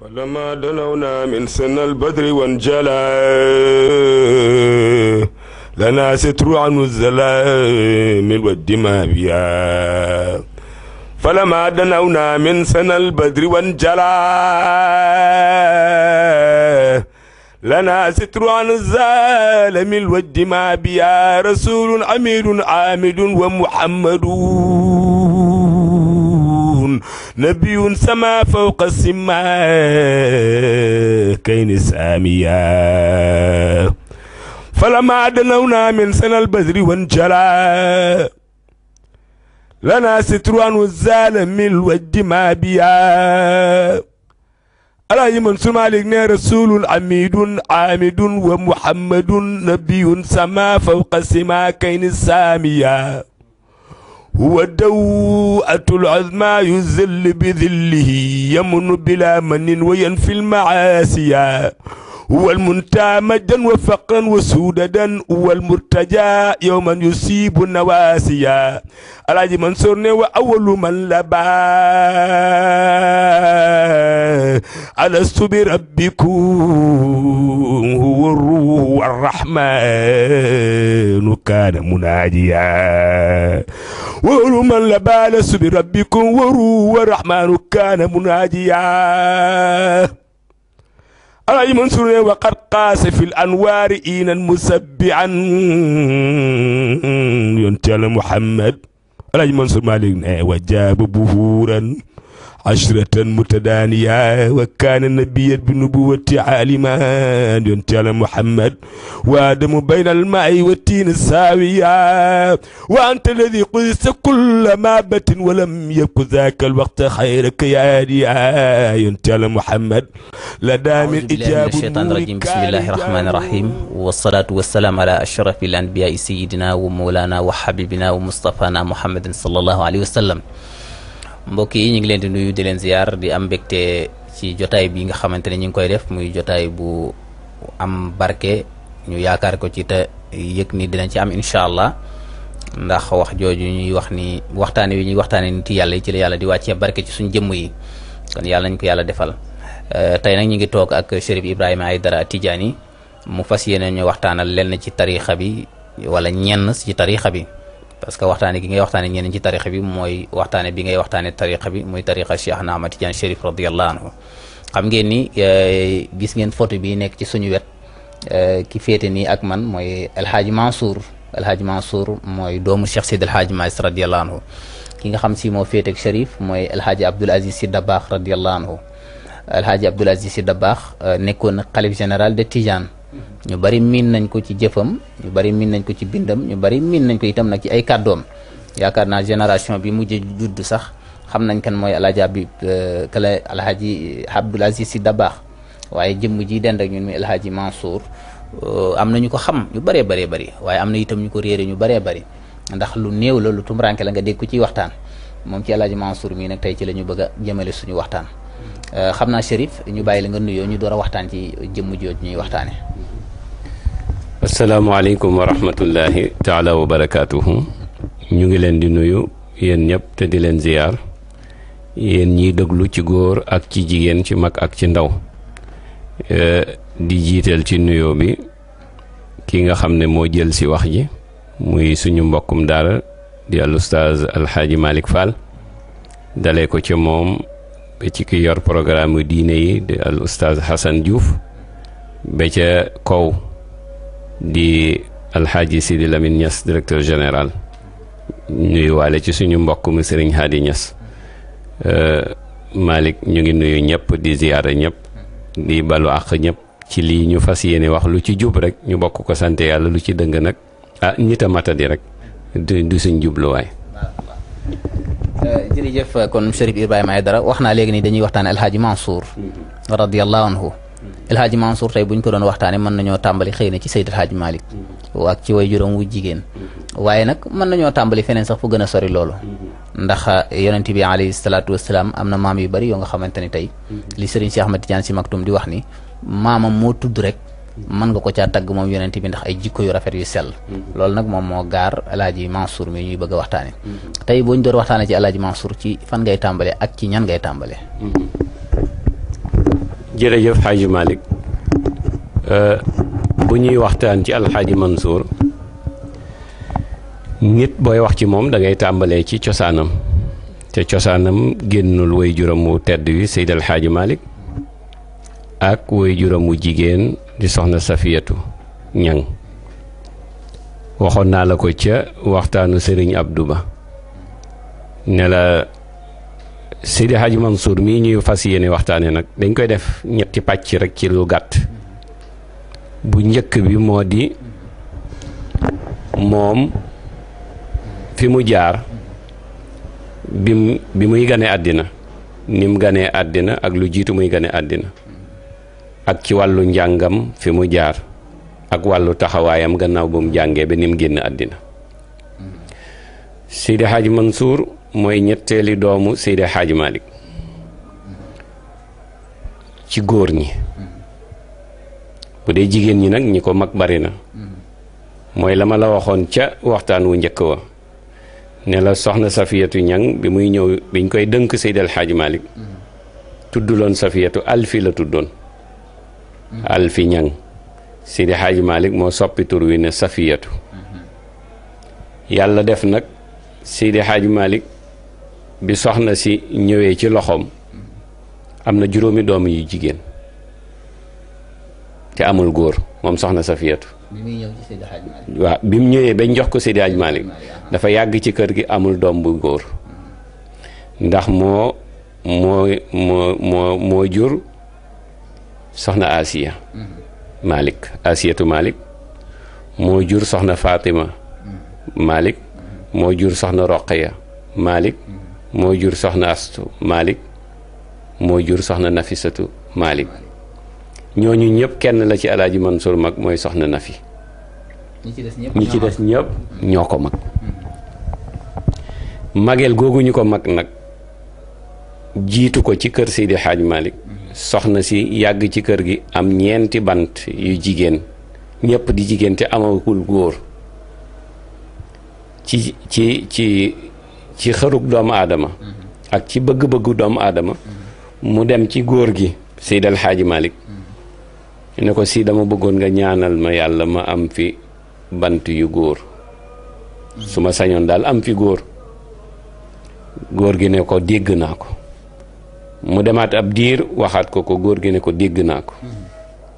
فلما دنونا من سن البدر وانجلى لنا ستر عن الزلام والدماء بها فلما دنونا من سن البدر وانجلى لنا ستر عن الزلام والدماء بها رسول أمير عامد ومحمد نبي سما فوق السماء كين ساميا فلما دنونا من سنة البدر وانجلى لنا ستروان والزال من الوجه ما بيا ألا يمن سمالك رسول عميد عامد ومحمد نبي سما فوق السماء كين ساميا huwa dawatul azma yuzil bi dhillihi yamunu bila manin wa yanfi al maasiya هو المنتى مجدا وفقرا وسودا هو المرتجى يوما يصيب النواسيا الحاج منصور ne wa awwalu man لبى ألست بربكم هو الروح الرحمن كان مناجيا وأولو من لبى ألست بربكم هو الروح الرحمن كان مناجيا ana yi Mansour ne wa qad qaasa fil anwaari iinan musabbian yonent Yàlla Muhammad ana yi Mansour Malick ne wa jaaba buhuuran ashratan mutadaaniya wa kaana nabiyan bi nubuwati aliman yonent Yàlla Muhammad wa adamu bayna almaai wa tiini saawiya wa anta alladi qudisa kulla maabatin wa lam yaku zaaka alwaqta xayraka yaadiya yonent Yàlla Muhammad la daamin ijaabu shaytaan rajim bismillahi rahmaani rahim wasalaatu wasalaam ala ashrafi al anbiyaai sayidina wa mawlana wa xabibina wa mustafana muhammadin sallallahu alayhi wa sallam mbokk yi ñu ngi leen di nuyu di leen ziar di am mbégte ci jotaay bi nga xamante ne ñu ngi koy def muy jotaay bu am barke ñu yaakaar ko ci te yëg ni dinañ ci am incha allah ndax wax jooju ñuy wax ni waxtaane wi ñuy waxtaane nit yàlla yi ci la yàlla di wàccee barke ci suñ jëmm yi kon yàlla nañ ko yàlla defal eh, tey nag ñu ngi toog ak Chérif dara Aïdara Tidiane mu fas yeneen ñu waxtaanal lenn ci tariixa bi wala ñenn ci tariixa bi parce que waxtaane gi ngay waxtaane ñeneen ci tarixa bi mooy waxtaane bi ngay waxtaane tarixa bi muy tarixa Cheikh na Ahmad Tidiane Chérif radiyallahu anhu xam ngeen ni e, gis ngeen photo bi nekk ci suñu wet e, ki féete nii ak man mooy alhaaji Mansour alhaaji Mansour mooy doomu Cheikh Seydi alhaaji Maïs radiyallahu anhu ki nga xam si moo féete ak Chérif mooy alhaaji Abdoul si Sy Dabakh radiyallahu anhu alhaaji Abdoul Aziz Sy Dabakh e, nekkoon xalif général de Tidiane ñu bari miin nañ ko ci jëfam ñu bari miin nañ ko ci bindam ñu bari miin nañ ko itam nag ci ay kàddoom yaakaar naa génération bi mujj judd sax xam nañ kan mooy alaaji Habib euh, kala alaaji Abdoul Aziz Sy Dabakh waaye jëmm ji dend ak ñun muy alaaji Mansour euh, am na ñu ko xam ñu bëree bëree bari waaye am na itam ñu ko réere ñu bëree bari ndax lu néew la lu tumranke la nga dégg ko ci waxtaan moom ci alaaji Mansour mii nag tey ci la ñu bëgg a jëmale suñu waxtaan Euh, xam naa Chérif ñu bàyyi la nga nuyoo ñu door a waxtaan ci jëmm joot ñuy waxtaane asalaamaaleykum wa rahmatullahi taala wa barakaatuhu ñu ngi leen di nuyu yéen ñëpp te di leen ziyaar yéen ñiy déglu ci góor ak ci jigéen ci mag ak ci ndaw euh, di jiital ci nuyoo bi ki nga xam ne moo jël si wax ji muy suñu mbokkum daara di al ustaaz alxaaji Malick Fall dalee ko ci moom ba ci ki yor programme diine yi di al oustaz Hassan Diouf ba ca kaw di alxaaji Sidi lamin ñas directeur général nuyu waale ci suñu mbokk mi sëriñ Hadi malik euh, Malick ñu ngi nuyu ñëpp di ziyaara ñëpp di balu àq ñëpp ci lii ñu fas yéene wax lu ci jub rek ñu bokk ko sant yàlla lu ci dëng nag ah ñita mata di rek du suñ jubluwaay Euh, jërëjëf euh, kon Chérif Ibrahima Aïdara wax naa léegi nii dañuy waxtaane alhaaji Mansour mm-hmm. radiallahu anhu alhaaji mm-hmm. Mansour tey buñ ko doon waxtaane mën nañoo tàmbali xëy na ci Seyd alhaaji Malick mm-hmm. ak ci way juróom wu jigéen waaye nag mën nañoo tàmbali feneen sax fu gën a sori loolu ndax euh, yonent bi alayhi salaatu wasalaam am na maam yu bari yoo nga xamante ni tey li Serigne Cheikh Ahmed Tidiane Sy Maktoum di wax ni maamam moo tudd rek mën nga ko caa tagg moom yonent bi ndax ay jikko yu rafet yu sell mm-hmm. loolu nag moom moo gaar alaaji Mansour mi ñuy bëgg a waxtaane mm-hmm. tey boo ñu doon waxtaane ci alaaji Mansour ci fan ngay tàmbalee ak ci ñan ngay tàmbalee mm-hmm. jërëjëf xaaji malik euh, bu ñuy waxtaan ci alxaaji Mansour nit booy wax ci moom da ngay tàmbalee ci cosaanam te cosaanam génnul way juróom wu tedd wi Seydal Xaaji Malick ak woy juróomu jigéen di soxna safiyatu ñang waxoon naa la ko ca waxtaanu sëriñ ab Ba ne la Sidi Hadj Mansour mii ñuy fas yéene waxtaane nag dañ koy def ñetti pàcc rek ci lu gàtt bu njëkk bi moo di moom fi mu jaar bi bi muy gane àddina ni gane àddina ak lu jiitu muy gane àddina ak ci wàllu njàngam fi mu jaar ak wàllu taxawaayam gannaaw bu jàngee ba ni génn àddina Seydi Hadj Mansour mooy ñetteeli doomu Seydi Hadj Malick ci góor ñi bu dee jigéen ñi nag ñi ko mag bari na mooy la ma la waxoon ca waxtaan wu njëkk wa ne la soxna safiyatu ñang bi muy ñëw biñ koy dënk Seydi El Hadj tudd loon safiyatu alfi la tuddoon alfi ñang Sidi Hadj moo soppi tur wi ne safiyatu yàlla def nag Sidi Hadj Malick bi soxna si ñëwee ci loxoom am na juróomi doom yu jigéen te amul góor moom soxna safiyatu waa bi mu ñëwee bañ jox ko Sidi Hadj Malick dafa yàgg ci kër gi amul doom bu góor mm-hmm. ndax moo moo moo moo moo jur soxna Asiya malik Asiyatu malik moo jur soxna Fatima Malick moo jur soxna Roqaya Malick moo jur soxna Astu Malick moo jur soxna Nafisatu Malick ñooñu ñëpp kenn la ci alaaji Mansour mag mooy soxna Nafi ñi ci des ñëpp ñoo ko mag mageel googu ñu ko mag nag jiitu ko ci kër Seydi Hadj malik soxna si yàgg ci kër gi am ñeenti bant yu jigéen ñëpp di jigéen te amagul góor ci ci ci ci xërug doomu aadama ak ci bëgg-bëggu doomu aadama mu dem ci góor gi Seydi El malik Malick ne ko si dama bëggoon nga ñaanal ma yàlla ma am fi bant yu góor su ma sañoon daal am fi góor góor gi ne ko dégg naa ko mu demaat ab diir waxaat ko ko góor gi ne ko dégg naa ko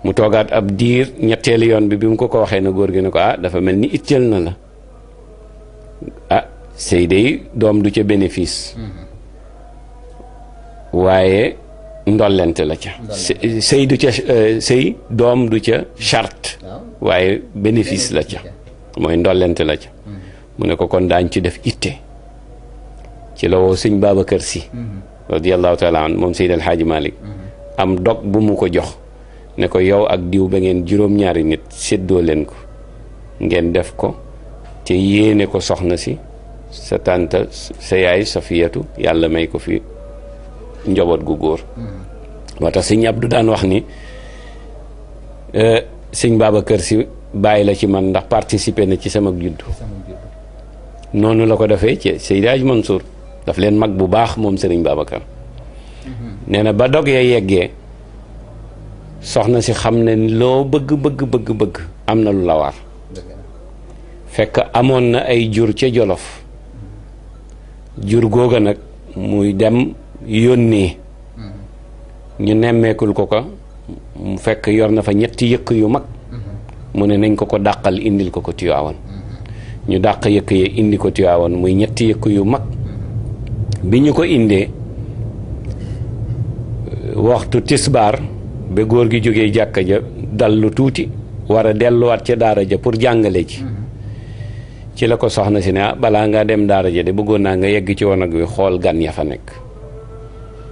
mu toogaat ab diir ñetteelu yoon bi bi mu ko ko waxee na góor gi ne ko ah dafa mel ni itteel na la ah sëy day doom du ca bénéfice waaye ndollente la ca sëy ca euh, sëy doom du ca charte waaye bénéfice la ca mooy ndollente la ca mm-hmm. mu ne ko kon daañ ci def itte ci la woo sëñ Babacar Si mm-hmm. radiallahu taala an moom Seydil Hadji maalik mm-hmm. am dog bu mu ko jox ne ko yow ak diw ba ngeen juróom-ñaari nit séddoo leen ko ngeen def ko te yéene ko soxna si sa tànta sa yaay Safiyatu yàlla may ko fi njaboot gu góor mm-hmm. moo tax sëñ Abdou daan wax ni sëñ kër si bàyyi la ci man ndax participer na ci sama juddu noonu la ko defee ci Seydi Hadji Mansour daf leen mag bu baax moom sëriñ Babacar nee na ba dog yeggee soxna si xam ne loo bëgg bëgg bëgg bëgg am na lu la war fekk amoon na ay jur ca jolof jur googa nag muy dem yónnee ñu nemmeekul ko ko mu fekk yor na fa ñetti yëkk yu mag mu ne nañ ko ko dàqal indil ko ko Tiwaawan ñu dàq yëkk ya indi ko Tiwaawan muy ñetti yëkk yu mag bi ñu ko indee waxtu tisbaar ba góor gi jógee jàkka ja dal lu tuuti war a delluwaat ca daara ja pour jàngale ci ci la ko soxna si ne ah balaa ngaa dem daara ja de bëggoon naa nga yegg ci wanag wi xool gan ya fa nekk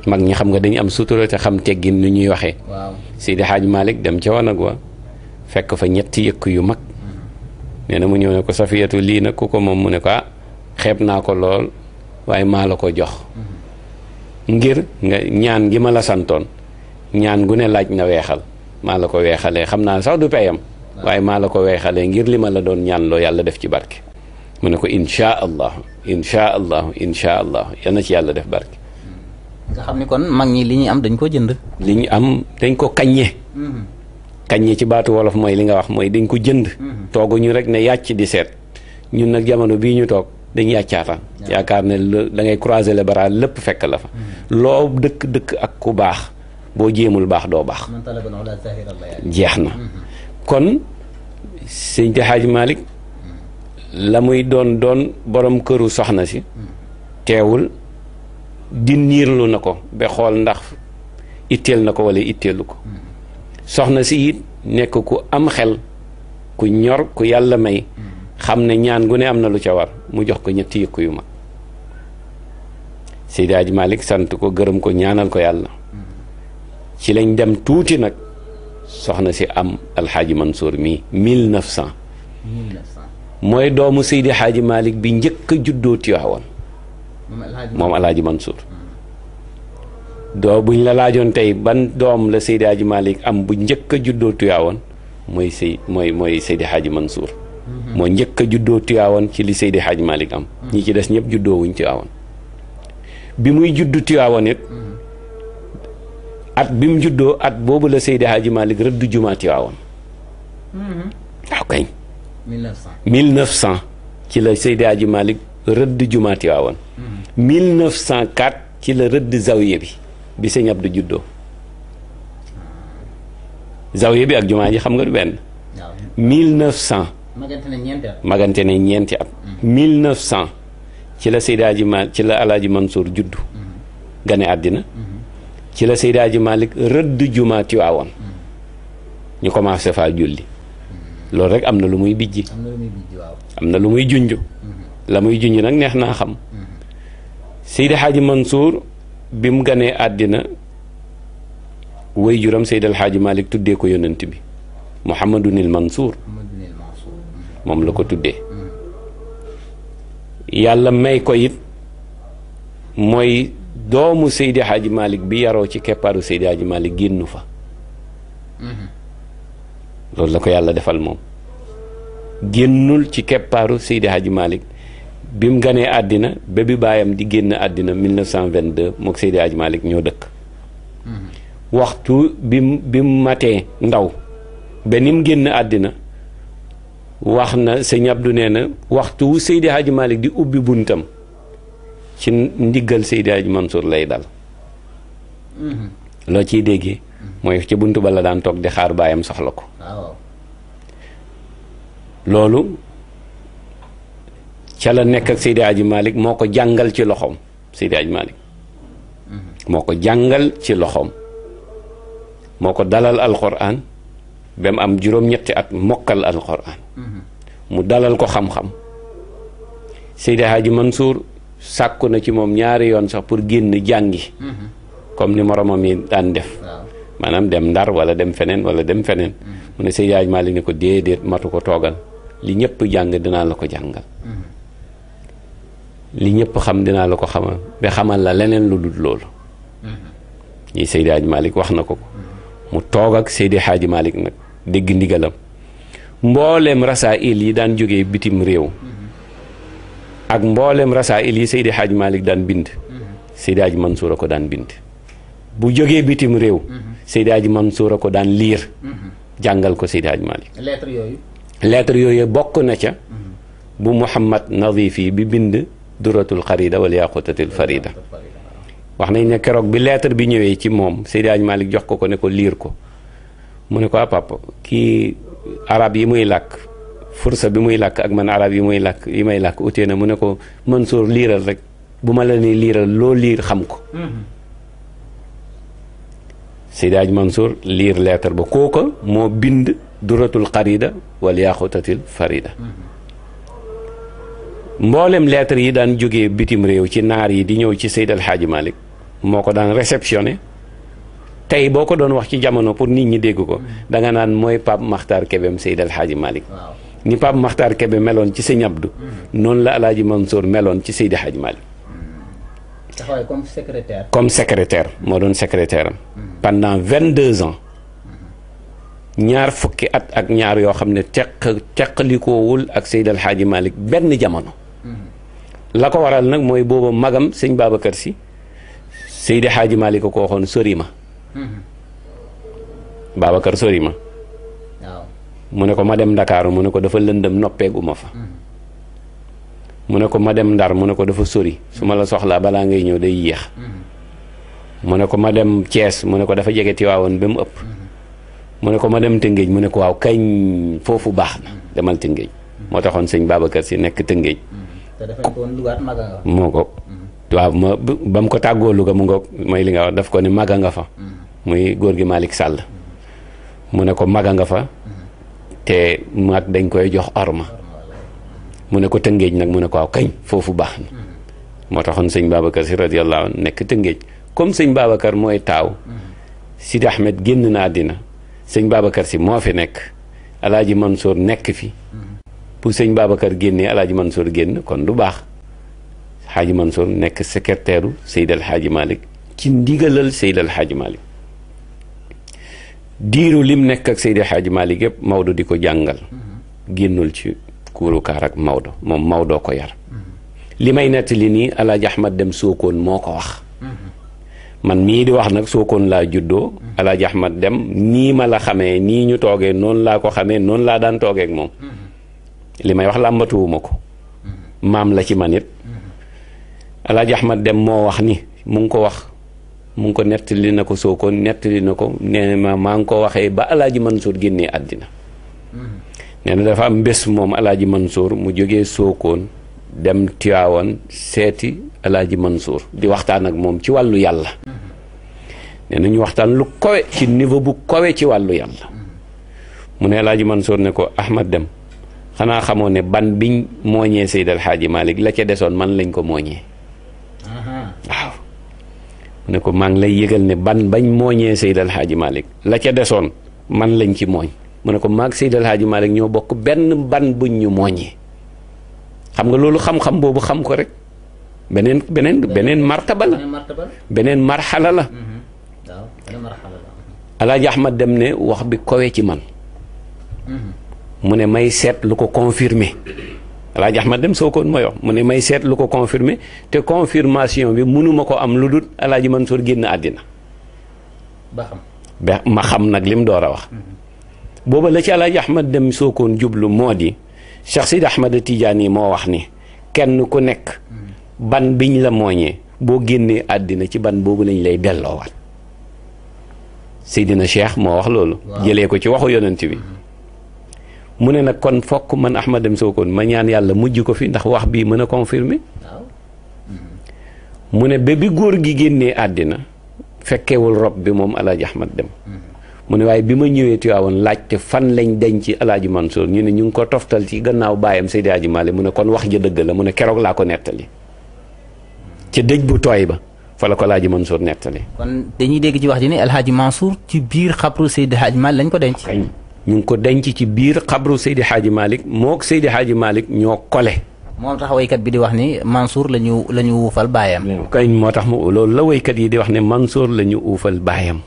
mag ñi xam nga dañu am sutura xam teggin nu ñuy waxee Seydi xaaj Malick dem ca wanag wa fekk fa ñetti yëkk yu mag mm-hmm. nee na mu ñëw ne ko Safiyatu lii nag ku ko moom mu ne ko ah xeeb naa ko lool waaye maa la ko jox ngir nga ñaan gi ma la santoon ñaan gu ne laaj na weexal maa la ko weexalee xam naa sax du payam waaye maa la ko weexalee ngir li ma la doon ñaan loo yàlla def ci barke mu ne ko inchaa allahu inchaa allahu inchaa allahu yal na ci yàlla def barke nga xam ni kon mag ñi li ñu am dañ ko jënd li ñu am dañ ko kaññe mhm. kaññe ci baatu wolof mooy li nga wax mooy dañ ko jënd mhm. tooguñu rek ne yàcc di seet ñun nag jamono bii ñu toog dañuy accaataan yaakaar na da ngay croiser les bras lépp fekk la fa mm. loo dëkk dëkk ak ku baax boo jéemul baax doo baax jeex na mm-hmm. kon sëñ te xaaj mm. la muy doon doon borom këru soxna si mm. teewul di niirlu na ko ba xool ndax itteel na ko wala itteelu ko soxna si it nekk ku am xel ku ñor ku yàlla may xam ne ñaan gu ne am na lu ca war mu jox ko ñetti yëkku yu mag Seydi Hadji Malick sant ko gërëm ko ñaanal ko yàlla ci lañ dem tuuti nag soxna si am alxaaji Mansour mii mille neuf cent mooy doomu Seydi Hadji malik bi njëkk a juddoo Tiwaawan moom alxaaji Mansour hmm. doo buñ la laajoon tey ban doom la Seydi Hadji malik am bu njëkk a juddoo Tiwaawan mooy sey mooy mooy Seydi Hadji Mansour Mm-hmm. moo njëkk a juddoo Tiwaawan ci li Seydi Hadj Malick am mm-hmm. ñi ci des ñëpp juddoo wuñ Tiwaawan bi muy judd Tiwaawan it mm-hmm. at bi mu juddoo at boobu la Seydi Hadj Malick rëdd jumaa Tiwaawan ci la Seydi Hadj Malick rëdd jumaa Tiwaawan 1904 bi bi sëñ Abdu juddoo ah. zawiya bi ak jumaa ji xam nga du benn magante ne ñeenti at. magante ne ñeenti at. 1900 mm-hmm. ci la Seydi Hadji ci la Alaaji Mansour juddu. Mm-hmm. gane àddina. Mm-hmm. ci la Seydi Hadji Malick rëdd jumaa Tiwaawoon. ñu commencé faa julli. loolu rek am na lu muy bijji. am na lu muy bijji junj. la muy junj nag neex naa xam. Seydi Hadji Mansour bi mu ganee àddina way juram Seydi Hadji Malick tuddee ko yonent bi Mouhamadunil Mansour. moom la ko tuddee yàlla may ko it mooy doomu Seydi Hadji Malick bi yaroo ci keppaaru Seydi Hadji génnu fa loolu la ko yàlla defal moom génnul ci keppaaru Seydi Hadji Malick bi mu ganee àddina ba bi baayam di génn àddina 1922 mook Seydi Hadji Malick ñoo dëkk mm-hmm. waxtu bi bi mu matee ndaw ba ni mu génn àddina wax na sëñ Abdou nee na waxtu wu Seydi Hadji Malick di ubbi buntam ci ndiggal Seydi Hadji Mansour lay dal loo ciy déggee mooy ci buntu ba la daan toog di xaar baayam soxla ko loolu ca la nekk ak Seydi Hadji moo ko jàngal ci loxoom Seydi Hadji Malick mm-hmm. moo ko jàngal ci loxoom moo ko dalal alxuraan ba mu am juróom-ñetti at mokkal alquran mu dalal ko xam-xam Seydi Hadji Mansour sàkku na ci moom ñaari yoon sax pour génn jàngi comme ni moromam yi daan def maanaam dem ndar wala dem feneen wala dem feneen mu ne Seydi Hadji Malick ne ko déedéet matu ko toogal li ñëpp jàng dinaa la ko jàngal li ñëpp xam dinaa la ko xamal ba xamal la leneen lu dul loolu yi mhm. Seydi Hadji Malick wax na ko ko mu toog ak Seydi Hadji Malick nag dégg ndigalam mbooleem rasaa'il yi daan jógee bitim réew ak mbooleem rasaa'il yi Seydi Hadj Malick daan bind Seydi Hadj Mansour a ko daan bind bu jógee bitim réew Seydi Hadj Mansour a ko daan liir jàngal ko Seydi Hadj Malick lettre yooyu bokk na ca bu Muhammad Nadifi bi bind duratul xarida wala yaqutatil farida wax nañ ne keroog bi lettre bi ñëwee ci moom Seydi Hadj Malick jox ko ko ne ko liir ko mu ne ko ah papa kii arab yi muy làkk fursa bi muy làkk ak man arab yi muy làkk yi may làkk utee na mu ne ko Mansour liiral rek bu ma la ni liiral loo liir xam ko mm-hmm. Seydi Aj liir leetar ba kooka moo bind duratul xarida wala yaaxutatil farida mm-hmm. mboolem lettre yi daan jóge bitim réew ci naar yi di ñëw ci seydal El Hadji moo ko daan réceptionné tey boo ko doon wax ci jamono pour nit ñi dégg ko mm. danga nga naan mooy Pape Makhtar Kébem Seydi El Hadji Malick ni Pape Makhtar Kébé meloon ci Sëñ Abdou mm. noonu la El Hadj Mansour meloon ci Seydi Hadji Malick mm. comme secrétaire. moo doon secrétaire am. pendant vingt deux ans ñaar fukki at ak ñaar yoo xam ne teq teqalikoowul ak Seydi xaaji malik benn jamono. la ko waral nag mooy booba magam sëñ Babacar si Seydi Hadji Malick ko waxoon sori ma. Mm-hmm. Babacar sori ma. mu ne ko ma dem ndakaaru mu ne ko dafa lëndëm noppeegu ma fa. Mm-hmm. mu ne ko ma dem ndar mu ne ko dafa sori su ma la soxlaa balaa ngay ñëw day yéex. Mm-hmm. mu ne ko ma dem Thiès mu ne ko dafa jege Tiwaawoon ba mu ëpp. mu ne ko ma dem Tëngéej mu ne ko waaw kañ foofu baax na demal Tëngéej. moo taxoon sëñ Babacar si nekk Tëngéej. te dafa moo ko. waaw ma ba mu ko tàggoo Louga mu ngoog mooy li nga wax daf ko ne maga nga fa. muy góor gi maalik sàll mu ne ko maga nga fa te mag dañ koy jox orma mu ne ko tëngéej nag mu ne ko waaw kañ foofu baax na moo taxoon sëñ Babacar si radiyallahu anhu nekk tëngéej comme sëñ Babacar mooy taaw Sidi Ahmed génn na àddina sëñ Babacar si moo fi nekk alaaji Mansour nekk fi bu sëñ Babacar génnee alaaji Mansour génn kon du baax xaaji Mansour nekk secrétaire u Seydal Xaaji Malick ci ndigalal Seydal Xaaji Malick diiru lim nekk ak Seydi Hadji Malick yëpp Maodo di ko jàngal génnul ci kuurukaar ak Maodo moom Maodo ko yar li may nettali nii Alaaji Ahmad dem Sokone moo ko wax man mii di wax nag Sokone laa juddoo Alaaji Ahmad dem nii ma la xamee nii ñu toogee noonu laa ko xamee noonu laa daan toogee moom li may wax làmbatuwuma ko maam la ci man it Alaaji Ahmad dem moo wax ni mu ngi ko wax mu ngi ko nettali na ko soo ko nettali na ko nee maa ngi ko waxee ba alaaji Mansour génnee àddina mm-hmm. nee dafa am bés moom alaaji Mansour mu jógee Sookoon dem Tiwaawan seeti alaaji Mansour di waxtaan ak moom ci wàllu yàlla mm-hmm. nee na ñu waxtaan lu kowe ci niveau bu kowe ci wàllu yàlla mm-hmm. mu ne alaaji Mansour ne ko Ahmad Dem xanaa xamoon ne ban biñ mooñee Seydal Xaaji Malik la ca desoon man lañ ko mooñee mu ne ko maa ngi lay yëgal ne ban bañ mooñee Seydi El Hadji Malick la ca desoon man lañ ci mooñ mu ne ko maag Seydi El Hadji Malick ñoo bokk benn ban buñ ñu mooñee xam nga loolu xam-xam boobu xam ko rek beneen beneen beneen martaba la beneen marxala mm-hmm. la alaaji Ahmad dem ne wax bi kowe ci man mm-hmm. mu ne may seet lu ko confirmer Alaaji Ahmad dem soo koon ma mu ne may seet lu ko confirmer te confirmation bi mënuma ko am lu dul Alaaji Mansour génn àddina ba xam ba ma xam nag lim door a wax mhm. booba la ci Alaaji Ahmad dem soo koon jublu moo di Cheikh Sidi Ahmad yi moo wax ni kenn ku nekk mhm. ban biñ la mooñee boo génnee àddina ci ban boobu lañ lay delloowaat Seydina Cheikh moo wax loolu jëlee ko ci waxu yonent bi mhm. mu ne nag kon fokk man Ahmad dem Sokone ma ñaan yàlla mujj ko fi ndax wax bii mën a confirmer mu ne ba bi góor gi génnee àddina fekkewul rob bi moom alaaji Ahmad dem mm-hmm. mu ne waaye bi ma ñëwee Tiwaawan laajte fan lañ denc ci alaaji Mansour ñu ne ñu ngi ko toftal ci gannaaw baayam Seydi Aji Maalik mu ne kon wax ja dëgg la mu ne keroog laa ko nettali mm-hmm. ca dëj bu tooy ba fa la ko alaaji Mansour nettali kon dañuy dégg ci wax ji ne alaaji Mansour ci biir xabru Seydi Aji Maalik lañ ko denc ñu ngi ko denc ci biir xabru Seydi Hadji Malick mook Seydi Hadji Malick ñoo kole. moo tax waykat bi di wax ni Mansour la ñu la ñu uufal baayam. kañ moo tax mu loolu la waykat yi di wax ne Mansour la ñu uufal baayam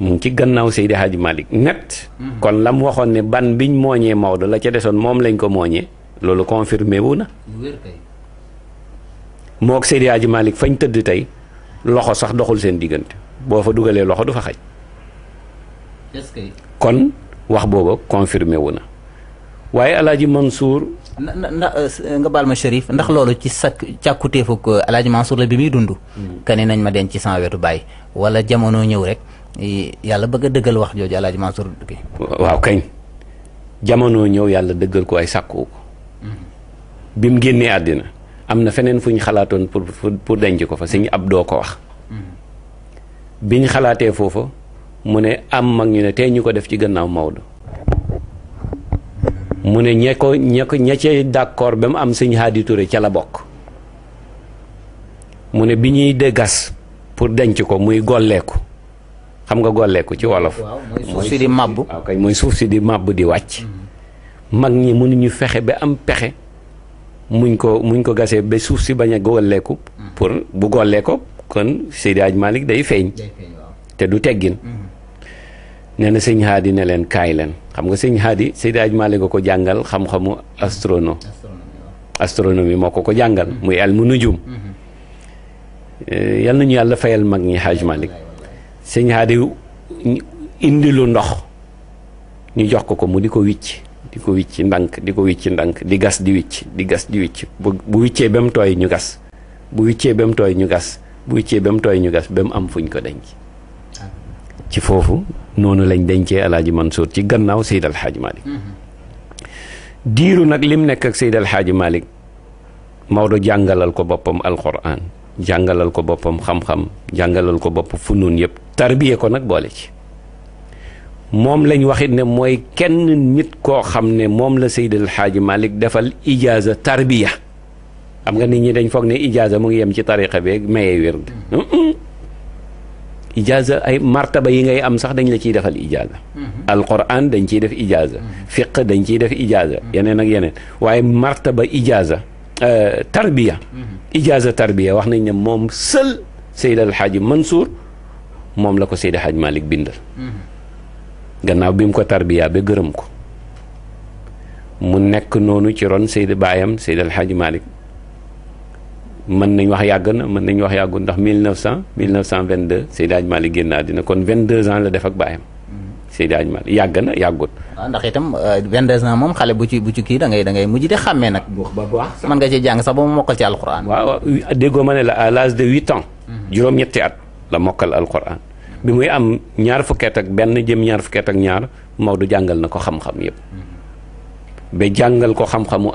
mu ngi ci gannaaw Seydi Hadji Malick net. Mm-hmm. kon la waxoon ne ban biñ mooñee Maodo la ca desoon moom lañ ko mooñee loolu confirmé wu na. moog Seydi Hadji Malick fañ tëdd tey loxo sax doxul seen diggante boo fa dugalee loxo du fa xaj. kon wax booba confirmé wu na waaye alaaji Mansour ndax euh, euh, nga baal ma Chérif ndax loolu ci sakk càkkutéefu ko euh, alaaji Mansour la bi muy dund hmm. kani nañ ma denc ci sama wetu bàyyi wala jamono ñëw rek yàlla bëgg dëggal wax jooju alaaji Mansour ki waaw kañ jamono ñëw yàlla dëggal ko ay sàkku ko hmm. bi mu génnee àddina am na feneen fu ñu xalaatoon pour pour denc ko fa sëñ ab doo ko wax hmm. biñ xalaatee foofa mu ne am mag ñu ne tey ñu ko def ci gannaaw Maodo mu ne ñe ko ñe ko ña cee d'accord ba mu am sëñ Hadi Touré ca la bokk mu ne bi ñuy dégas pour denc ko muy golleeku xam nga golleeku ci wolof. mooy suuf si di màbb suuf si di màbb di wàcc. Mm-hmm. mag ñi mu mënuñu fexe ba am pexe muñ ko muñ ko gasee ba suuf si bañ a golleeku. Mm-hmm. pour bu gollee ko kon Seydi Hadj day feeñ. te du teggin. Mm-hmm. neena na sëñ Haadi ne leen kaay leen xam nga sëñ Haadi Seydi Aj Maalik nga ko jàngal xam-xamu astrono astronomie moo ko ko jàngal mm-hmm. muy elmu nujum mm-hmm. eh, yal nañu yàlla fayal mag ñi Haj Maalik sëñ Haadi indi ndox ñu jox ko ko mu di ko wicc di ko wicc ndànk di ko wicc ndànk di gas di wicc di gas di wicc bu bu wiccee ñu gas bu wiccee ba mu tooy ñu gas bu wiccee ba mu tooy ñu gas ba mu am fuñ ko denc ci foofu noonu lañ dencee alaaji Mansour ci gannaaw seydal Alxaaji Malick mhm. diiru nag lim nekk ak seydal Alxaaji Malick Maodo jàngalal ko boppam alquran jàngalal ko boppam xam-xam jàngalal ko bopp funun yëpp tarbiye ko nag boole ci moom lañ waxit ne mooy kenn nit koo xam ne moom la Seyd Alxaaji Malick defal ijaaza tarbiya xam nga nit ñi dañ foog ne ijaaza mu ngi yem ci tariqa beeg maye wird mhm. ijaaza ay martaba yi ngay am sax dañ la ciy defal ijaaza mhm. alquran dañ ciy def ijaaza mhm. fiq dañ ciy def ijaaza mhm. yeneen ak yeneen waaye martaba ijaaza euh, tarbiya ijaaza tarbiya wax nañ ne moom sël Seyd Alxaaji Mansour moom la ko Seydi Xaaj Malick bindal gannaaw bi mu ko tarbiya ba gërëm ko mu nekk noonu ci ron Seydi baayam Seyd Alxaaji Malick mën nañ wax yàgg na mën nañ wax yàggul ndax 1900 1922 Seydi Hadj Malick génn àddina kon 22 ans la def ak baayam mm-hmm. Seydi Hadj Malick yàgg na yàggut. waaw ah, ndax itam 22 euh, ans moom xale bu ci bu ci kii da ngay da ngay mujj de xàmmee nag. mën nga ci jàng sax ba mu mokkal ci alquran. waaw déggoo ma ne la à l'âge de 8 ans. Mm-hmm. juróom-ñetti at la mokkal alquran. bi muy am ñaar fukkeet ak benn jëm ñaar fukkeet ak ñaar Maodo jàngal na ko xam-xam mm-hmm. ba jàngal ko xam-xamu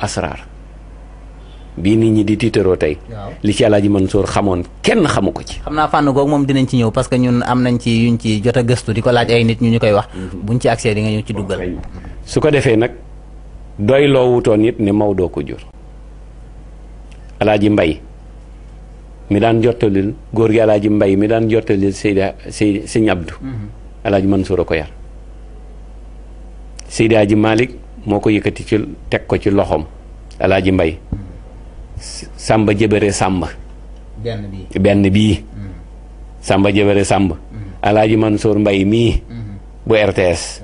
bii nit ñi di tiitaroo tey. li ci Alaaji Mansour xamoon kenn xamu ko ci. xam naa fànn googu moom dinañ ci ñëw parce que ñun am nañ ci yuñ ci jot a gëstu di ko laaj ay nit ñu ñu koy wax. Mhm. buñ ci accès di nga ñu ci duggal. su ko defee nag doy loo wutoon it ne Maodo ko jur. Alaaji Mbay mi daan jottalil góor gi Alaaji Mbay mi daan jottalil Seyda Sey Sëñ Abdu. Mhm. Alaaji Mansour a ko yar. Seydi Aji moo ko yëkkati ci teg ko ci loxoom Alaaji Mbay sàmba jëbëre sàmba benn bii benn bii mm. sàmba jëbëre sàmba mm. alaaji Mansour Mbay mii mm-hmm. bu RTS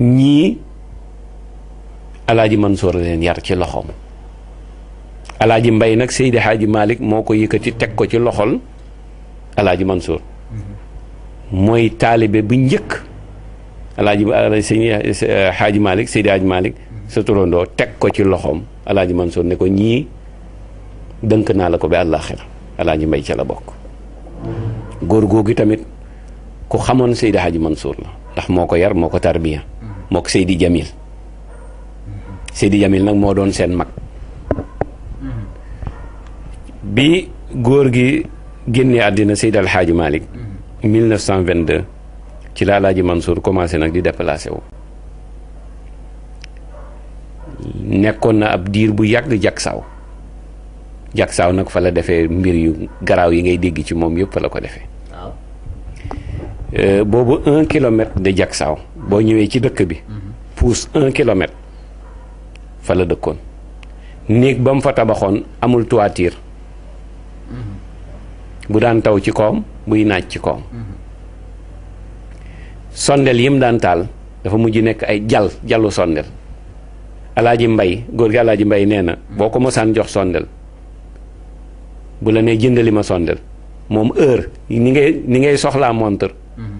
ñii alaaji Mansour leen yar ci loxoom alaaji Mbay nag Seydi Haaji Malick moo ko yëkkati teg ko ci loxol alaaji Mansour mm-hmm. mooy taalibe bu njëkk alaaji Seydi Haaji Malick Seydi Haaji Malick mm-hmm. sa turandoo teg ko ci loxoom alaaji Mansour ne ko ñii dënk naa la ko ba àllaaxira alaaji mbay ca la bokk góor googu tamit ku xamoon Seydi Hadji Mansour la ndax moo ko yar moo ko tarbiya moo ko Seydi Jamil Seydi Jamil nag moo doon seen mag bi góor gi génnee àddina Seydi cent vingt 1922 ci la alaaji Mansour commencé nag di déplacé wu nekkoon na ab diir bu yàgg jagsaaw jagsaaw nag fa la defee mbir yu garaaw yi ngay dégg ci moom yëpp fa la ko defee. waaw euh, boobu un kilomètre de jagsaaw boo ñëwee ci dëkk bi. Mhm. pousse un kilomètre fa la dëkkoon néeg ba mu fa tabaxoon amul toiture. Mhm. bu daan taw ci kawam buy naaj ci kawam. Mhm. sondel yi mu daan taal dafa mujj nekk ay jal jalu sondel alaaji mbay góor gi ji mbay nee na boo ko mosaan jox sondel bu la nee jëndali ma sondel moom heure ni ngay ni ngay soxlaa montre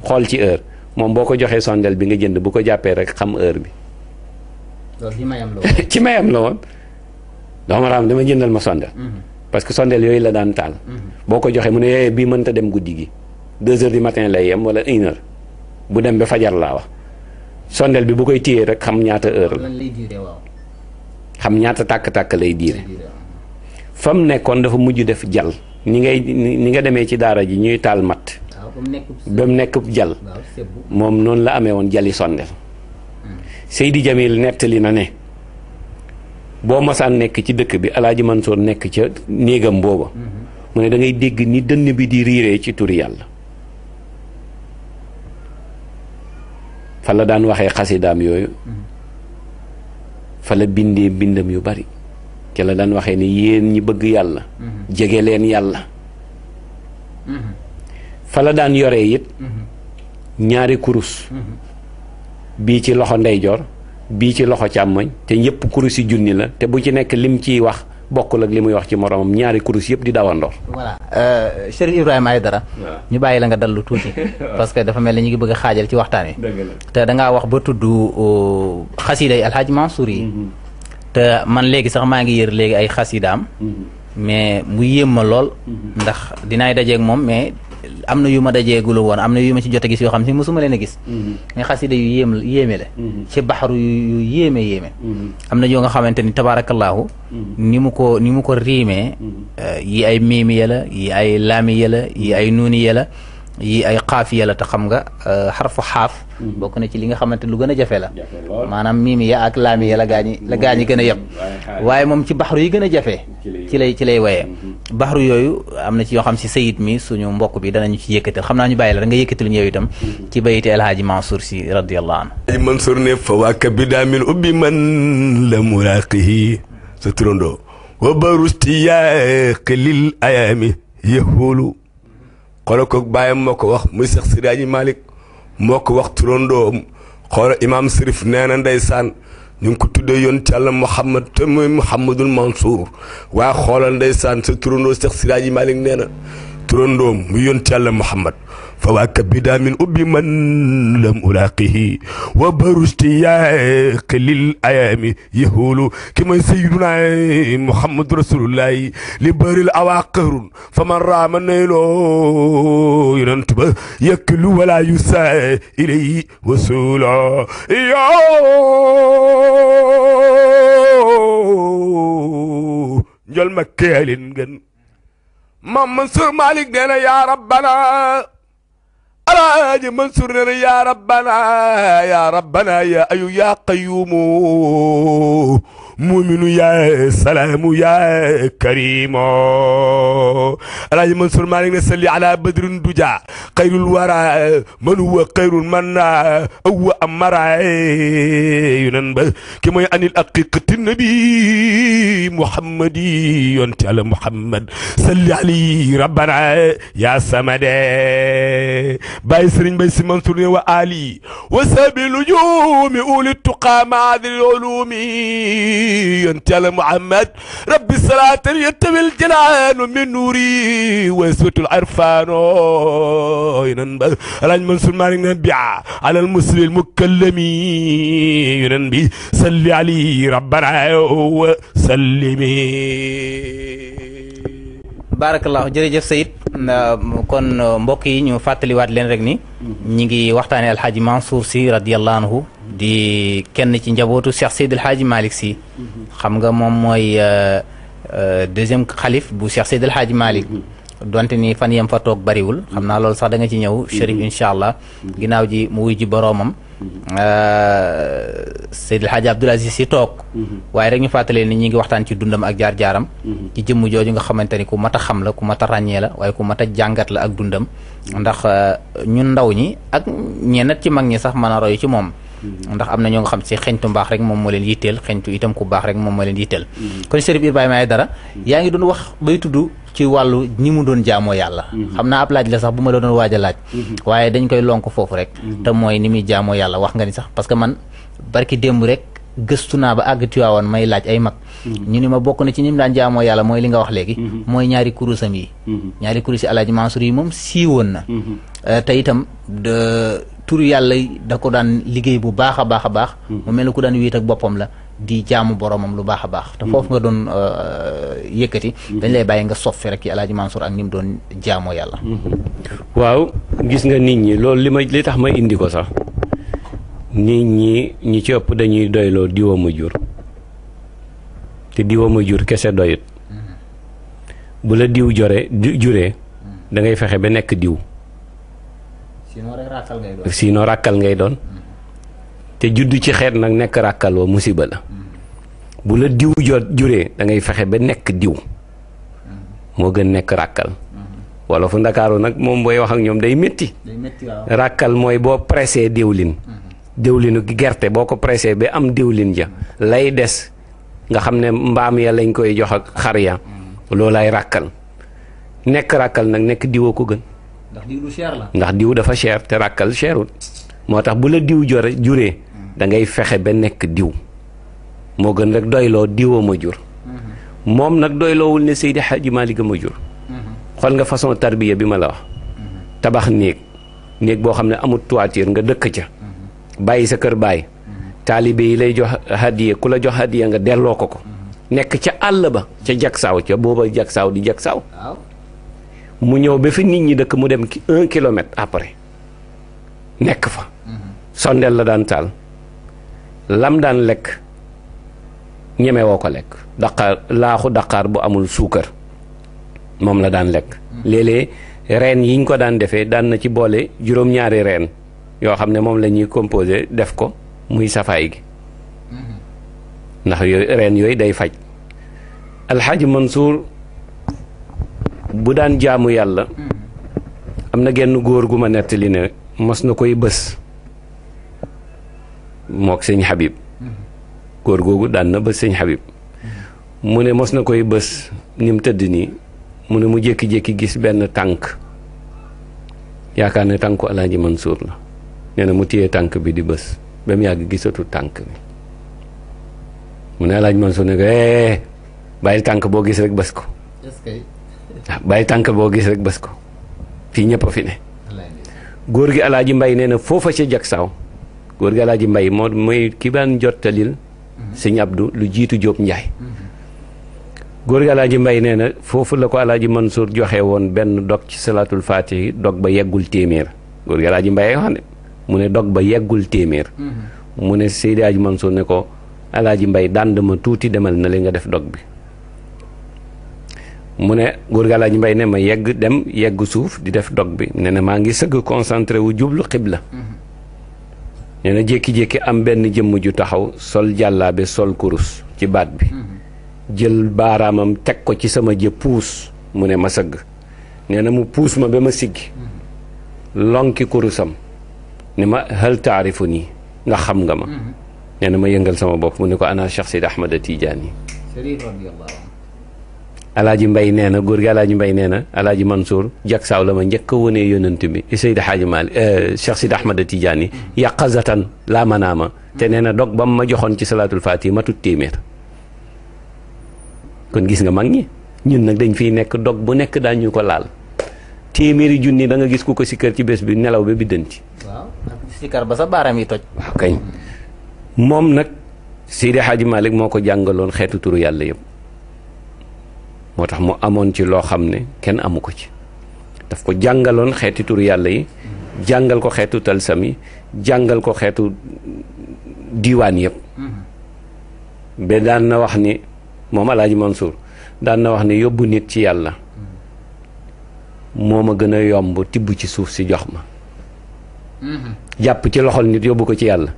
xool ci heure moom boo ko joxee sondel bi nga jënd bu ko jàppee rek xam heure bi ci mayam la woon doomu raam dama jëndal ma sondel mhm. que sondel yooyu la daan taal mhm. boo ko joxee mu ne yooyee eh, mënta dem guddi gi deux heures du matin lay yem wala une heure bu dem ba fajar laa wax sondeel bi bu koy téyee rek xam ñaata heure la xam ñaata tàkk-tàkk lay diire fa mu nekkoon dafa mujj def jal ni ngay ni nga demee ci daara ji ñuy taal matt ba mu nekk jal moom noonu la amee woon jali sondel hmm. Seydi Jamil nettali na ne boo mosaan nekk ci dëkk bi Alaaji man Mansoor nekk ca néegam booba hmm. mu ne da dégg ni dënn bi di riiree ci turi yàlla fa la daan waxee xasidaam yooyu hmm. fa la bindee bindam yu bari ci la daan waxee ni yéen ñi bëgg yàlla mhm. jege leen yàlla mhm. fa la daan yore it mhm. ñaari kurus bii ci loxo ndeyjoor bii ci loxo càmmoñ te yépp kurus junni la te bu ci nekk lim ciy wax bokkul ak li muy wax ci moromam ñaari kurus yëpp di daawandoor. voilà euh, Chérif Ibrahima dara ñu bàyyi la nga dallu tuuti. parce que dafa mel ni ñu ngi bëgg a xaajal ci waxtaan wi. te da ngaa wax ba tudd euh, xasida yi Alhaji Mansour yi. Mm-hmm. te man léegi sax maa ngi yër léegi ay xasidaam mm-hmm. mais mu yéem ma lool. Mhm. ndax dinaay dajeeg moom mais am na yu ma dajeegul woon am na yu ma ci jot a gis yoo xam si mosuma leen a gis. Mhm. mais xasida yu yéem yéeme la. Mhm. ci baxaru yu yéeme yéeme. am na yoo nga xamante ni tabaarakallaahu ni mu ko ni mu ko riimee. Euh, yi ay miimi ya la yi ay laami ya yi ay nuuni ya la yi ay xaafiya la te xam nga euh, xarfu xaaf hmm. bokk na ci li nga xamante lu gën a jafe la maanaam mii ya ak laami ya la gaañi la gaañi a yëpp hmm. waaye moom ci baxru yi gën a jafe ci lay ci lay waye hmm. baxru yooyu am na ci yoo xam si sayid mi suñu mbokk bi dana ñu ci yëkkatal xam naa ñu bàyyi la da nga yëkkatalu ñëw itam ci bayti El Hadji Mansour si radiyallahu anhu Hadji Mansour ne fa waa kabida min ubbi man la muraaqihi sa turandoo wa barustiyaaqi lil ayaami yahulu xoola kook bàyyam moo ko wax muy Seex Siraaji Malik moo ko wax turandoom xoola imaam Sërif nee na saan ñu ngi ko tuddee yoon ci Yàlla Muhammad te muy Muhammadul Mansour waaye xoolal saan sa turandoo Seex Siraaji Malik nee na turandoom mu yoon ci Yàlla Muhammad فواك بدا من أب من لم ألاقه وبر اشتياق للأيام يهول كما سيدنا محمد رسول الله لبر الأواقر فمن رام نيلو ينتبه يكل ولا يساء إليه وصولا njol ma keelin ngeen mam Mansour Malick nee na yaa rabbana alaaji Mansour ne na yaa rabbana yaa rabbana yaa ayu yaa qayuumu muminu yaa salaamu yaa karimo alaaji Mansour Malick ne salli ala badrin duja xayrul wara man huwa xayrul man awwa amara yu nan ba ki mooy anil aqiqati nabi muhammadi yonte ala muhammad salli ali rabbana ya samade bàyyi sëriñ bay si Mansour ne wa ali wa sabi lujumi uli tuqa maadil ulumi yonent Yàlla Muhammad rabbi salaatan yantawil jalaanu min nuuri wa yasbatul arfaano yonen ba alaaj Mansour Malick ne bia alal muslimil mukallami bi salli ali rabbana wa sallimi barakallahu jërëjëf Seyid kon mbokk yi ñu fàttaliwaat leen rek ni ñi ngi waxtaane alxaaji Mansour Sy radiyallahu anhu di kenn ci njabootu Cheikh Seydil Hadji malik si xam nga moom mooy euh, euh, deuxième xalif bu Cheikh Seydil Hadji Malick donte ni fan yem fa toog bariwul xam naa loolu sax danga ci ñëw Chérif incha allah ginnaaw ji mu wuy ji boroomam euh, Seydil Hadji Abdoul Aziz si toog waaye rek ñu fàttalee ni ñi ngi waxtaan ci dundam ak jaar-jaaram ci jëmm jooju nga xamante ni ku mat a xam la ku mat a ràññee la waaye ku mat a jàngat la ak dundam ndax ñun ndaw ñi ak ñenn ci mag ñi sax mën ci moom ndax am na ñoo nga xam si xeñtu mbaax rek moom moo leen yitteel xeñtu itam ku baax rek moom moo leen yitteel mm-hmm. kon Chérif Ibrahima Aïdara yaa ngi doon wax bay tudd ci wàllu ñi mu doon jaamoo yàlla mm-hmm. xam naa ab laaj la sax bu ma la doon waaj laaj mm-hmm. waaye dañ koy lonk foofu rek te mooy ni muy jaamoo yàlla wax nga ni sax parce que man barki démb rek gëstu naa ba àgg Tiwaawan may laaj ay mag ñu ni ma bokk na ci ñi mu daan jaamoo yàlla mooy li nga wax léegi mooy ñaari kurusam yi ñaari kurus yi Alaaji Mansour yi moom siiwoon na euh, tur yàlla da ko daan liggéey bu baax a baax a baax hmm. mu mel ni ku daan wéet ak boppam la di jaamu boromam lu baax a baax te hmm. foofu nga doon euh, yëkkati hmm. dañ lay bàyyi nga soppi rek ci Alaaji Mansour ak ni mu doon jaamoo yàlla waaw gis nga nit ñi loolu li ma li tax ma indi ko sax nit ñi ñi ci ëpp dañuy doyloo diwa ma jur te diwa ma jur kese doyut bu diw jore juree da ngay fexe ba nekk diw sinon rakkal ngay doon te juddu ci xeet nag nekk ràkkal wa musiba la bu la diw jot juree da ngay fexe ba nekk diw moo gën nekk rakkal wala fu ndakaaru nag moom booy wax ak ñoom day metti rakkal mooy boo pressé diwlin diwlinu gerte boo ko pressé ba am diwlin ja lay des nga xam ne mbaam ya lañ koy jox ak xar ya loolaay rakkal nekk rakkal nag nekk diwoo ko gën ndax diw la. ndax diw dafa cher te rakkal cherul moo tax bu la diw jore juree mm. da ngay fexe ba nekk diw moo gën rek doyloo diwoo ma jur. Mm-hmm. moom nag doyloowul ne Seydi Hadji Malick ma jur. Mm-hmm. xool nga façon tarbiya bi ma la wax. Mm-hmm. tabax néeg néeg boo xam ne amul toiture nga dëkk ca. bàyyi sa kër bàyyi. taalibe yi lay jox hadiya ku la jox hadiya nga delloo ko ko. nekk ca àll ba ca jagsaaw ca booba jagsaaw di jagsaaw. mu ñëw ba fi nit ñi dëkk mu dem ki un kilomètre après nekk fa. sondeel la daan taal lam daan lekk ñeme woo ko lekk daqaar laaxu daqaar bu amul suukar moom la daan lekk. léeg-léeg reen yiñ ko daan defee daan na ci boole juróom-ñaari reen yoo xam ne moom lañuy ñuy composé def ko muy safaay gi mm-hmm. ndax yooyu reen yooyu day faj. Alxaaji Mansour bu daan jaamu yàlla am na genn góor gu ma nettali ne mos na koy bës mook sëñ Habib góor googu daan na bës sëñ Habib mu ne mos na koy bës ni mu tëdd nii mu ne mu jékki-jékki gis benn tànk yaakaar ne tànku Alaaji Mansuur la nee mu téye tànk bi di bës ba yàgg gisatu tànk mu ne Alaaji Mansuur ne ko eh, bàyyil tànk boo gis rek bës ko bàyyi tànk boo gis rek bës ko fii ñëpp fi ne. góor gi alaaji mbay nee na foofa ca jak saaw góor gi alaaji mbay moo mooy ki baan jottalil lu jiitu Jóob Njaay góor gi alaaji mbay nee na foofu la ko alaaji Mansour joxe woon benn dog ci salaatul faatihi dog ba yeggul téeméer góor gi alaaji mbay wax ne mu ne dog ba yeggul téeméer mhm. mu ne Seydi Aji Mansour ne ko alaaji mbay daan dama tuuti demal na li nga def dog bi mu ne góor gàllaa ji mbay ne ma yegg dem yegg suuf di def dog bi ne na maa ngi sëgg concentré wu jublu xibla mhm. ne na jékki-jékki am benn jëmm ju taxaw sol jàllaabe sol kurus ci baat bi mhm. jël baaraamam teg ko ci sama jë puus mu ne ma sëgg nee na mu puus ma ba ma siggi mhm. lonki kurusam ne ma hal taarifu nii nga xam nga ma nee na ma yëngal sama bopp mu ne ko ana Cheikh Sidi Ahmad Tidiane yi alaaji mbay nee na góor gi alaaji mbay nee na alaaji mansour jaksaaw la ma njëkk a wonee yonent bi eh, seydi xaaji maali eh, cheikh sidi ahmada tidiane yi yàqazatan laa manaama te nee na dog ba mu ma joxoon ci salaatul faatihi matut téeméer kon gis nga mag ñi ñun nag dañ fiy nekk dog bu nekk daa ñu ko laal téeméeri junni da nga gis ku ko sikkar ci bés bi nelaw ba biddanti waaw sikkar ba sa baaraam yi toj moom nag seydi xaaji maalik moo ko jàngaloon xeetu turu yàlla yëpp moo tax mu amoon ci loo xam ne kenn amu ko ci daf ko jàngaloon xeeti tur yàlla yi jàngal ko xeetu talsam yi jàngal ko xeetu diiwaan yëpp mm-hmm. ba daan na wax ni moom Alaaji Mansour daan na wax ni yóbbu nit ci yàlla moo ma gën a yomb tibb ci suuf si jox ma mm-hmm. jàpp ci loxol nit yóbbu ko ci yàlla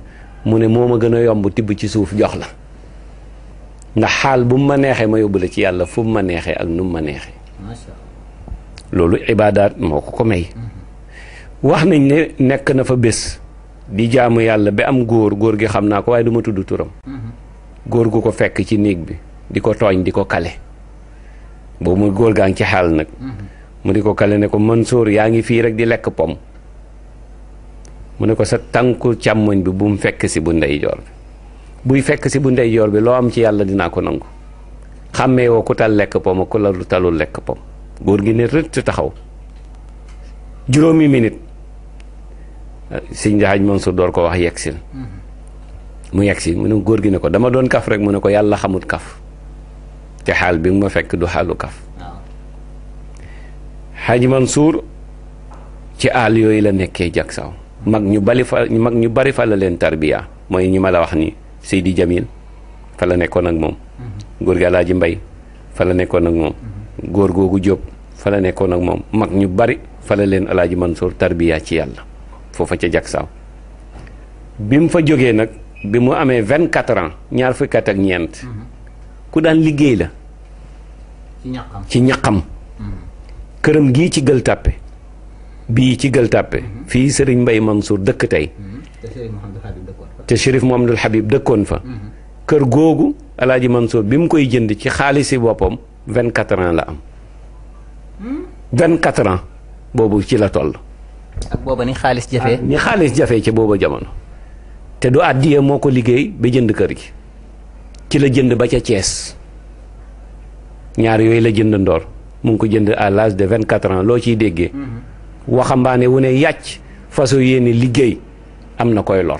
mu ne moo ma gën a yomb tibb ci suuf jox la ndax xaal bu mu ma neexee ma yóbbu la ci yàlla fu mu ma neexee ak nu mu ma neexee loolu ibaadaat moo ko ko may wax nañ ne nekk na fa bés di jaamu yàlla bi am góor góor gi xam naa ko waaye duma tudd turam góor gu ko fekk ci néeg bi di ko tooñ di ko kale boobu muy góor gaa ngi ci xaal nag mu di ko kale ne ko Mansour yaa ngi fii rek di lekk pom mu ne ko sa tànku càmmoñ bi bu mu fekk si bu ndeyjoor bi buy fekk si bu ndeyjoor bi loo am ci yàlla dinaa ko nangu xàmmee woo ku tal lekk pom ak ku la talul lekk pom góor gi ne rëtt taxaw juróomi minit sëñ Haj Mansour door ko wax yegg si mm-hmm. mu yegg si mu ne góor gi ne ko dama doon kaf rek mu ne ko yàlla xamut kaf te xaal bi mu ma fekk du xaalu kaf Haj suur ci àll yooyu la nekkee jak saw mag ñu bari fa mag ñu bari fa la leen tarbiya mooy ñi ma la wax nii Seydi Jamil fa la nekkoon ak moom mhm. góor gi Alaaji Mbay fa la nekkoon ak moom mhm. góor googu jóg fa la nekkoon ak moom mag ñu bari fa la leen Alaaji Mansour tarbiya ci yàlla foofa ca Jaksaaw bi mu fa jógee nag bi mu amee vingt quatre ñaar fukki ak ñeent mhm. ku daan liggéey la ci ñaqam këram gi ci gël tàppe bii ci gël tàppe fii sëriñ Mbay Mansour dëkk tey te Chérif Mouhamadoul Habib dëkkoon fa. kër googu El Hadj Mansour bi mu koy jënd ci xaalisi boppam vingt quatre ans la am. vingt quatre boobu ci la toll. ak booba ni xaalis jafe. Ah, ni xaalis jafe ca booba jamono. te du àddiya moo ko liggéey ba jënd kër gi. ci la jënd ba ca cees ñaar yooyu la jënd ndoor mu ngi ko jënd à l'âge de vingt quatre ans loo ciy déggee. Mm-hmm. waxambaane wu ne yàcc façon yéene liggéey am na koy lor.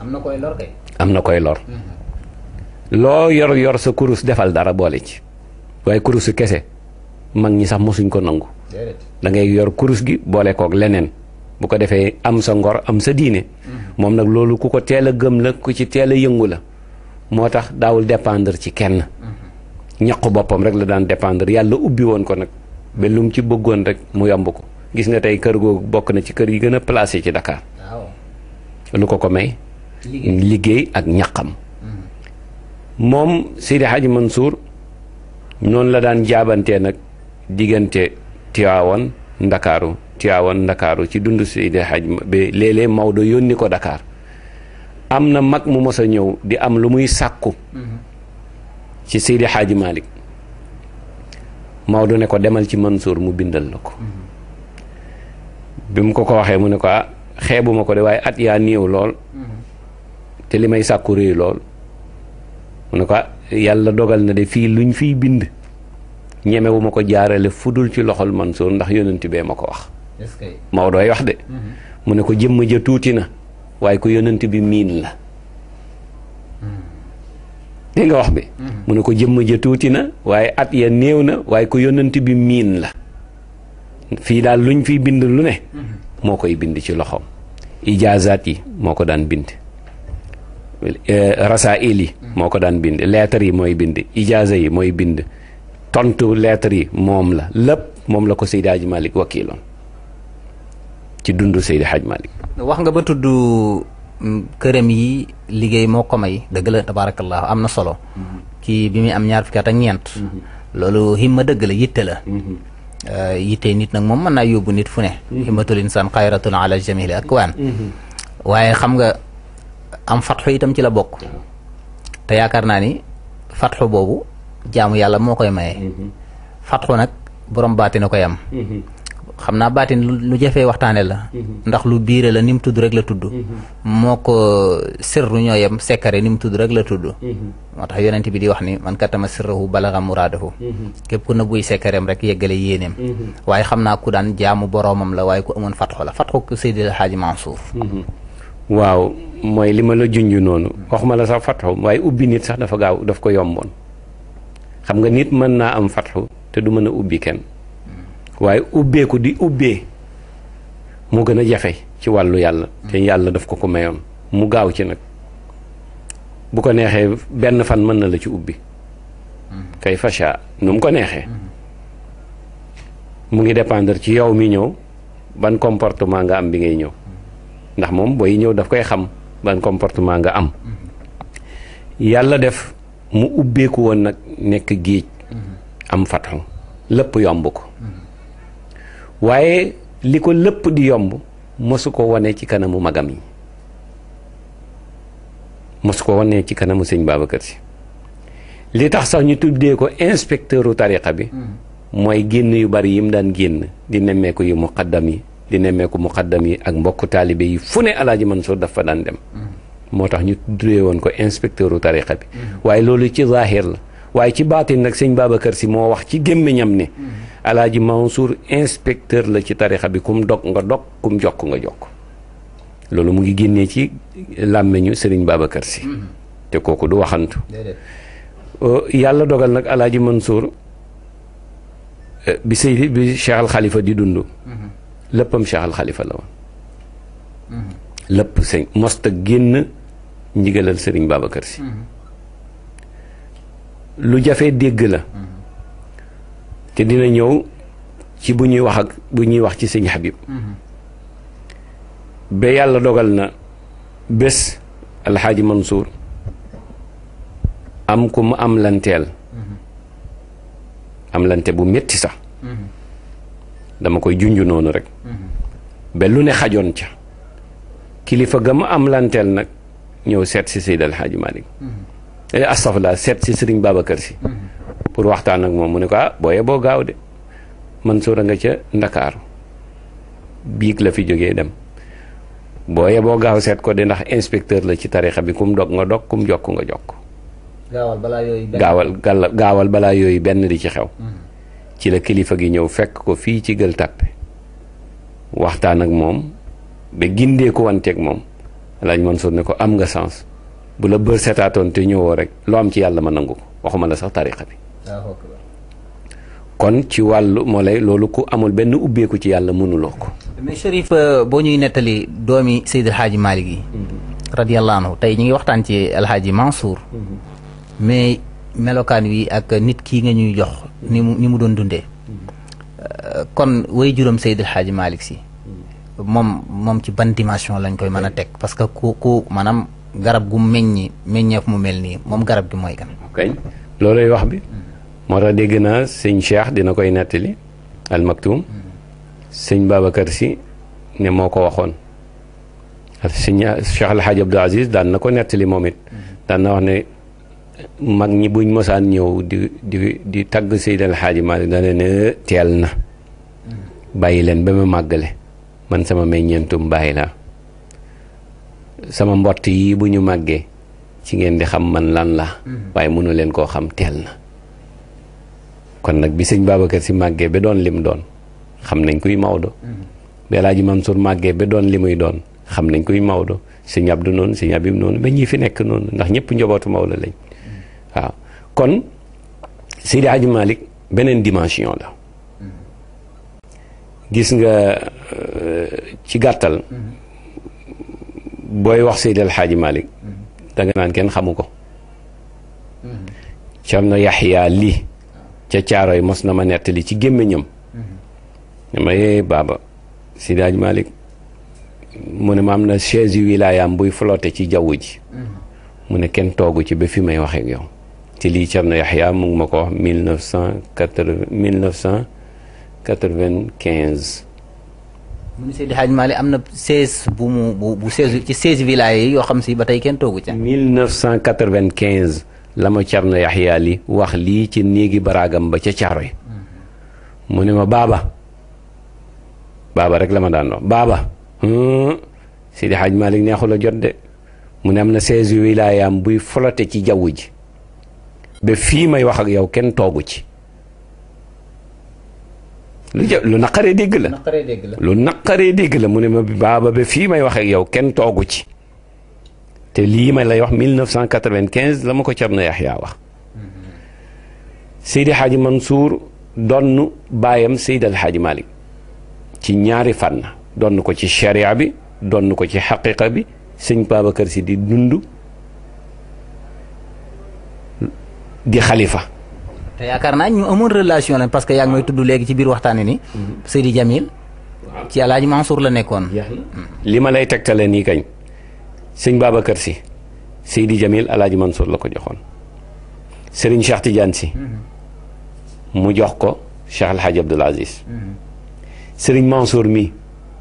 am na koy lor na koy lor. Mhm. loo yor yor sa kurus defal dara boole ci waaye kurusu kese mag ñi sax mosuñ ko nangu. da ngay yor kurus gi boole kook leneen. bu ko defee am sa ngor am sa diine. Mhm. moom nag loolu ku ko teel a gëm la ku ci teel a yëngu la moo tax daawul dépendre ci kenn. Mhm. ñaqu boppam rek la daan dépendre yàlla ubbi woon ko nag ba lu mu ci bëggoon rek mu yomb ko gis nga tey kër googu bokk na ci kër yi gën a placé ci Dakar. lu ko ko may. liggéey ak ñaqam moom Seydi Hadji Mansour noonu la daan jaabantee nag diggante Tiwaawan Ndakaaru Tiwaawan Ndakaaru ci dund Seydi Hadji ba léeg-léeg Maodo yónni ko dakaar am na mag mu mos ñëw di am lu muy sàkku mm-hmm. ci Seydi Hadji Malick Maodo ne ko demal ci Mansour mu bindal la ko mm-hmm. bi mu ko ko waxee mu ne ko ah xeebuma ko de waaye at yaa néew lool mm-hmm. te li may sàkku réy lool mu ne ko ah, yàlla dogal na de fii luñ fiy bind ñemewu ma ko jaarale fudul ci man Mansour ndax yonent bee ma ko wax Maodo ay wax de mm-hmm. ne ko jëmm ja tuuti na waaye ko bi miin la mm-hmm. wax bi mm-hmm. mu ne ko jëmm ja tuuti na waaye at ya néew na waaye ko yonent bi miin la fii daal luñ fiy bind lu ne moo koy bind ci loxoom ijaazaat yi moo ko daan bind rasaa'il yi moo ko daan bind lettres yi mooy bind ijaaza yi mooy bind tontu lettres yi moom la lépp moom la ko Seydi Hadj Malick wakiiloon ci dundu Seydi Hadj Malick wax nga ba tudd mm, këram yi liggéey moo ko may dëgg la am na solo ki bi muy am ñaar fukki at ak ñeent loolu himma dëgg la yitte la euh, yitte nit nag moom mën naa yóbbu nit fu ne mm-hmm. himmatul insaan xayratun ala jamili akwaan mm-hmm. waaye xam nga am fatxu itam ci la bokk te yaakaar naa ni fatxu boobu jaamu yàlla moo koy maye fat mhm. fatxu nag borom baati na koy am mhm. xam naa baatin lu jafee waxtaane la mhm. ndax lu biire la ni mu tudd rek la tudd moo ko sirru ñoo yem sekkare ni mu tudd rek la tudd moo tax yonent bi di wax ni man katama sirrahu balaga muraadahu képp ku nëbbuy sekkareem rek yeggale yéeneem waaye xam naa ku daan jaamu boroomam la waaye ku amoon fatxu la fatxu Seydil Haaji Mansour waaw mooy li ma la junj noonu ma la sax fatxu waaye ubbi nit sax dafa gaaw daf ko yomboon xam nga nit mën naa am fatxu te du mën a ubbi kenn waaye ubbeeku di ubbee mu gën a jafe ci wàllu yàlla te yàlla daf ko ko mayoon mu gaaw ci nag bu ko neexee benn fan mën na la ci ubbi kay facha nu mu ko neexee mu ngi dépendre ci yow mi ñëw ban comportement nga am bi ngay ñëw ndax moom booy ñëw dafa koy xam ban comportement nga am yàlla def mu ubbeeku woon nag nekk géej am fatxu lépp yomb ko waaye li ko lépp di yomb mosu ko wane ci kanamu magam yi mosu ko wane ci kanamu sëñ Babacar Si li tax sax ñu tuddee ko inspecteuru tariqa bi mm. mooy génn yu bari mu daan génn di nemmeeku yu muqaddam yi di nemmeeku muqaddam yi ak mbokku taalibe yi fu ne alaaji Mansour dafa daan dem moo tax ñu tuddee woon ko inspecteur u bi waaye loolu ci zahir la waaye ci baatin nag sëñ Babacar si moo wax ci gémmiñam ne alaaji Mansour inspecteur la ci tariqa bi kum dog nga dog kum jokk nga jokk loolu mu ngi génnee ci làmmeñu sëriñ Babacar si te kooku du waxantu euh, yàlla dogal nag alaaji Mansour euh, bi sëy bi Cheikh Al di dund léppam Cheikh Al Khalifa la woon. Mhm. lépp sëñ mosta génn njigalal sëriñ Babacar si. Mhm. lu jafe dégg la. Mhm. te dina ñëw ci bu ñuy wax ak bu ñuy wax ci sëñ Habib. ba yàlla dogal na bés alxaaji Mansour am ku mu am lanteel. bu metti sax. dama koy junj noonu rek. ba lu ne xajoon ca. kilifa ga ma am lanteel nag ñëw seet si Seydi El Hadji Malick. Mm-hmm. Eh, astafurlah seet si Serigne Babacar si. Mm-hmm. pour waxtaan ak moom mu ne ko ah booyee boo gaaw de Mansour a nga ca Ndakaaru biig la fi jógee dem. booye boo gaaw seet ko de ndax inspecteur la ci tarixa bi kum dog nga dog kum jokk nga jokk gaawal balaa yooyu benn di ci xew mm-hmm. ci la kilifa gi ñëw fekk ko fii ci gël tàppe waxtaan ak moom ba gindee ko wanteeg moom lañ man soo ne ko am nga sens bu la bër setaatoon te ñëwoo rek loo am ci yàlla ma nangu ko waxuma la sax tariqa bi kon ci wàllu moo lay loolu ku amul benn ubbeeku ci yàlla mënuloo ko mais euh, boo ñuy nettali doomi Seydil Hadji Malick yi mhm. radiyallahu tey ñu ngi waxtaan ci alhaaji Mansour mhm. mais melokaan wi ak nit kii nga ñuy jox ni mu ni mu doon dundee euh, kon way juróom Seydil xaaji Malick si moom moom ci ban dimension lañ koy mën a teg parce que ku ku maanaam garab gu meññi meññeef mu mel nii moom garab gi mooy kan kañ wax bi moo tax dégg naa sëñ Cheikh dina koy nettali al maktum sëñ Babacar Sy ne moo ko waxoon sëñ Cheikh Al Hadj Abdou Aziz daan na ko nettali moom it daan na wax ne mag ñi buñ mosaan ñëw di di di tagg Seydi El Hadji Malick da teel na bàyyi leen ba ma màggale man sama meññeentum bàyyi la sama mbott yii bu ñu màggee ci ngeen di xam man lan la mm-hmm. waaye mënu leen koo xam teel na kon nag bi sëñ Babacar si màggee ba doon lim doon xam nañ kuy Maodo mm-hmm. bi El Hadji Mansour màggee ba doon li muy doon xam nañ kuy Maodo sëñ Abdou noonu sëñ Abib noonu ba ñuy fi nekk noonu ndax ñëpp njobootu Maodo lañ waaw kon Seydi Hadji malik beneen dimension la gis nga euh, ci gàttal booy wax Seydi El malik Malick naan kenn xamu ko na Yaxya li ca caaro yi mos na ma nettali ci gémmiñam dama yee eh, baaba Seydi Hadji Malick mu ne ma am na chaise yu wilaayaam buy flotté ci jaww ji mm-hmm. mu ne kenn toogu ci ba fi may waxee ak ci lii Cerno Yaxya mu ngi ma ko wax mille neuf cent quatre mille neuf cent quatre vingt am na seize bu mu bu seize ci seize villages yi yoo xam si ba tey kenn toogu ca. mille neuf cent quatre-vingt-quinze la ma Cerno Yaxya li wax lii ci néegi baraagam ba ca Caaroy mm-hmm. mu ne ma baaba baaba rek la ma daan wax baaba Seydi Hadj Malick neexul a jot de mu ne am na seize wilayaam buy folote ci jaww ji ba fii may wax ak yow kenn toogu ci lu ja lu naqaree dégg la lu naqaree dégg la mu ne ma baaba ba fii may wax ak yow kenn toogu ci te lii may lay wax 1995 la ma ko Cerno Yaxya wax Seydi Hadji Mansour donn baayam Seydi El Hadji ci ñaari fànn donn ko ci sharia bi donn ko ci xaqiqa bi sëñ Babacar Si di dund di xalifa. te yaakaar naa ñu amoon relation la parce que yaa ngi may tudd léegi ci biir waxtaanee ni mhm. Seydi Jamil ci Alaaji Mansour la nekkoon. Mhm. li ma lay tegtale nii kañ sëñ Babacar si Seydi Jamil Alaaji Mansour la ko joxoon Serigne Cheikh Tidiane si. Mhm. mu jox ko Cheikh El Hadj Abdoul Aziz. Serigne Mansour mi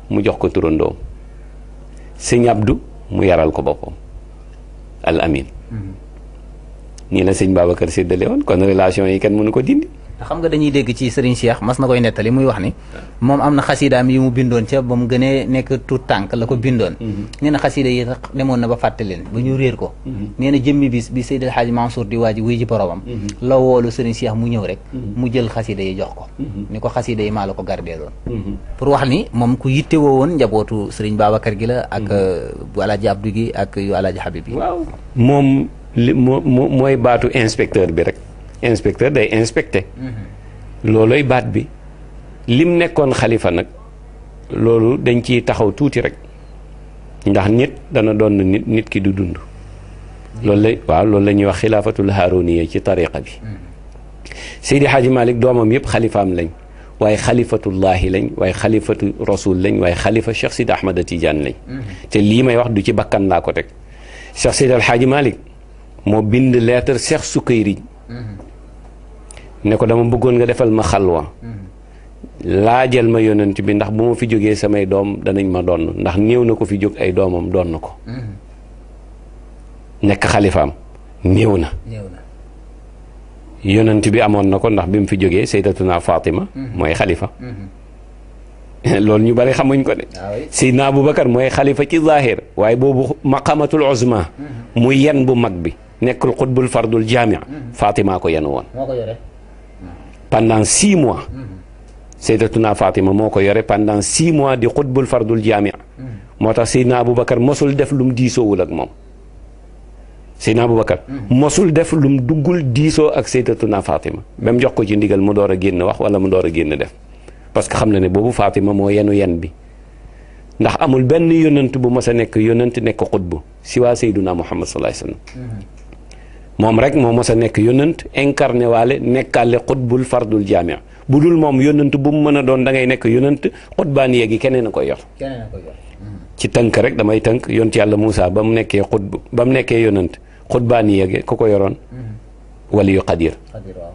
mu jox ko turandoom sëñ Abdou mu yaral ko boppam al nii la sëñ Babacar séddale woon kon relation yi kenn mënu ko dindi. xam nga dañuy dégg ci Serigne Cheikh mas na mu bindoon ca ba mu gënee nekk tout tànk la ko bindoon mhm. nee na xasida yi sax demoon na ba fàtte leen ba ñu réer ko mhm. nee na jëmmi bis bi mhm. gi la ak euh, bu Alaaji ak yu Habib yi waaw li moo mooy baatu inspecteur bi rek inspecteur day inspecté mm-hmm. looloy baat bi lim nekkoon xalifa nag loolu dañ ciy taxaw tuuti rek ndax nit dana doon nit nit ki du dund loolu la waaw loolu la ñuy wax xilaafatul haaroniya ci tariqa bi mm-hmm. Seydi Hadji Malick doomam yëpp xalifaam lañ waaye xalifatullahi lañ waaye xalifatu rasul lañ waaye xalifa Cheikh Sidi Ahmad Tidiane lañ mm-hmm. te lii may wax du ci bakkan laa ko teg Cheikh Seydi Alhaaji Malick moo bind lettre Cheikh Sukayri ne ko dama bëggoon nga defal ma xalwa laajal ma yonent bi ndax bu ma fi jógee samay doom danañ ma doon ndax néew na ko fi jóg ay doomam doon ko nekk xalifaam néew na bi amoon na ko ndax bi mu fi jógee sayyidatuna Fatima mooy xalifa loolu ñu bari xamuñ ko de ah Seydina Abubakar mooy xalifa ci zahir waaye boobu maqamatul uzma mm-hmm. mu yen bu mag bi nekkul xutbul fardul jaamia mm-hmm. Fatima ko yenu woon pendant six mois mm-hmm. Seydatuna Fatima moo ko yore pendant six mois di xutbul fardul jaamia mm-hmm. moo tax Seydina Aboubacar mosul def lum diisoowul ak moom Seydina Aboubacar mosul def lum duggul diisoo ak Seydatuna Fatima ba mu jox ko ci ndigal mu door a génn wax wala mu door a génn def parce que xam na ne boobu Fatima moo yenu yen bi ndax amul benn yonent bu mos a nekk yonent nekk xutbu si waa Seyduna Muhammad sallallahu alayhi wa moom rek moo mos a nekk yónnant incarné waale nekkaale xutbul fardul jaamia bu dul moom yónnant bu mu mën a doon da ngay nekk yónnant xutbaan yeegi keneen a koy yor ci tënk rek damay tënk yont yàlla Moussa ba mu nekkee xutb ba nekkee yónnant xutbaan yeegi ku ko yoroon mm-hmm. waliyu qadir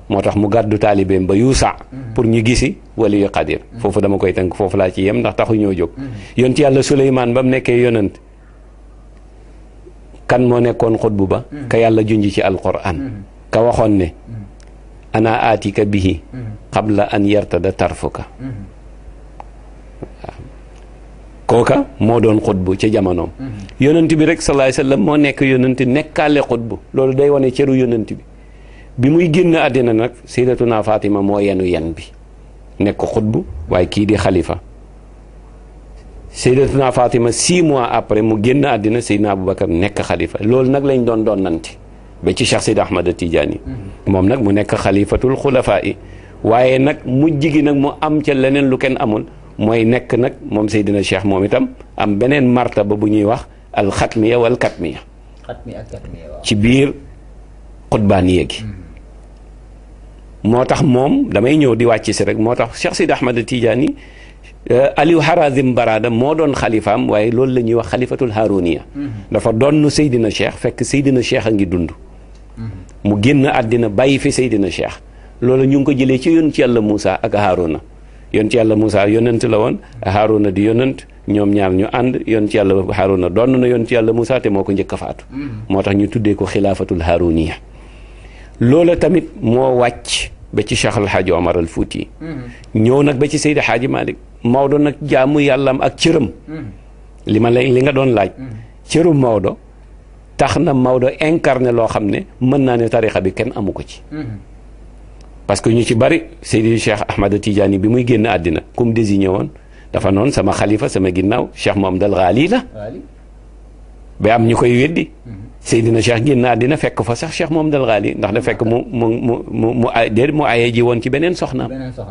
moo tax mu gàddu taalibeem ba yuusa mm-hmm. pour ñu gisi waliyu qadir mm-hmm. foofu dama koy tënk foofu laa ci yem ndax taxu ñoo jóg yont yàlla Suleymaan ba mu nekkee yónnant kan moo nekkoon xutbu ba mm-hmm. ka yàlla junj ci alquran mm-hmm. ka waxoon ne mm-hmm. ana aatika bihi qabla an yartada tarfuka kooka moo doon xutbu ca jamonoom yonent bi rek sallallahu alayhi moo nekk yonent nekkaale xutbu loolu day wane cëru yonent bi bi muy génn àddina nag sayyidatuna Fatima moo yenu yen bi nekk xutbu waaye kii di xalifa Seydatuna Fatima six mois après mu génn àddina Seydina Aboubacar nekk xalifa loolu nag lañ doon doon nanti ba ci Cheikh Seydi Ahmad Tidiane yi mm-hmm. moom nag mu nekk xalifatul xulafaa yi waaye nag mu gi nag mu am ca leneen lu kenn amul mooy nekk nag moom Seydina Cheikh moom itam am beneen ba bu ñuy wax alxatmiya wal katmiya ci biir xutbaaniya gi mm-hmm. moo tax moom damay ñëw di wàcc si rek moo tax Cheikh Seydi Ahmad Tidiane yi Euh, Aliou Harazim Barada moo doon xalifaam waaye loolu la ñuy wax xalifatul Haaruniya mm-hmm. dafa doon Seydina Cheikh fekk Seydina Cheikh a ngi dund. Mm-hmm. mu génn àddina bàyyi fi Seydina Cheikh loolu ñu ngi ko jëlee ci yoon yonent yàlla Moussa ak Haaruna yonent yàlla Moussa yonent la woon Haaruna di yonent ñoom ñaar ñu ànd yoon yonent yàlla Haaruna doon na yoon yonent yàlla Moussa te moo ko njëkk faatu. Mm-hmm. moo tax ñu tuddee ko xilaafatul Haaruniya loola tamit moo wàcc. ba ci Cheikh Alhaaji Omar al Fouti mm-hmm. ñëw nag ba ci Seydi Haaji Malick Maodo nag jaamu yàllam ak cëram mm-hmm. li ma lay li nga doon laaj mm-hmm. cëru Maodo tax na Maodo incarné loo xam ne mën naa ne tarixa bi kenn amu ko ci parce que ñu ci bari Seydi Cheikh Ahmada Tidiane bi muy génn àddina comme désigné woon dafa noon sama xalifa sama ginnaaw Cheikh Mohamed al Ghali la ba am ñu koy weddi Seydina Cheikh génn àddina fekk fa sax Cheikh Mouhamadou Al Ghali ndax da fekk mu mu mu mu mu ay déedéet mu ayee ji woon ci beneen soxnaam. Uh-huh.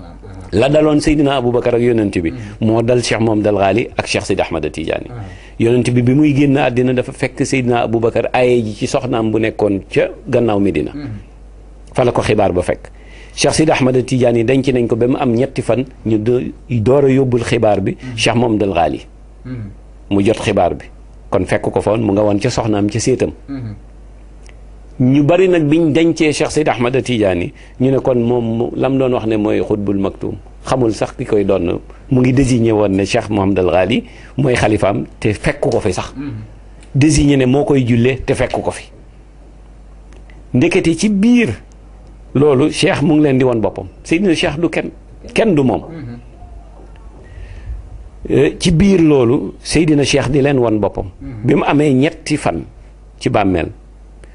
la daloon Seydina Aboubacar ak yonent bi. Uh-huh. moo dal Cheikh Mouhamadou Al Ghali ak Cheikh Sidi Ahmad Tidiane. Uh-huh. yonent bi bi muy génn addina dafa fekk Seydina Aboubacar ayee ji ci soxnaam bu nekkoon ca gannaaw Medina. fa la ko xibaar ba fekk. Cheikh Sidi Ahmad Tidiane yi denc nañ ko ba mu am ñetti fan ñu door a yóbbul xibaar bi. Cheikh Mouhamadou Al kon fekk ko foon mu nga woon ca soxna am ca séetam ñu bari nag biñ dencee Cheikh Seyd Ahmad Tidiane ñu ne kon moom lam doon wax ne mooy xutbul maktum xamul sax ki koy doon mu ngi désigné woon ne Cheikh Mohamad al Ghali mooy xalifaam te fekk ko fi sax désigné ne moo koy julle te fekk ko fi ndekete ci biir loolu Cheikh mu ngi leen di woon boppam Seydina Cheikh du kenn kenn du moom Euh, ci biir loolu sey dina Cheikh di leen wan boppam. Mhm. bi mu amee ñetti fan ci bàmmeel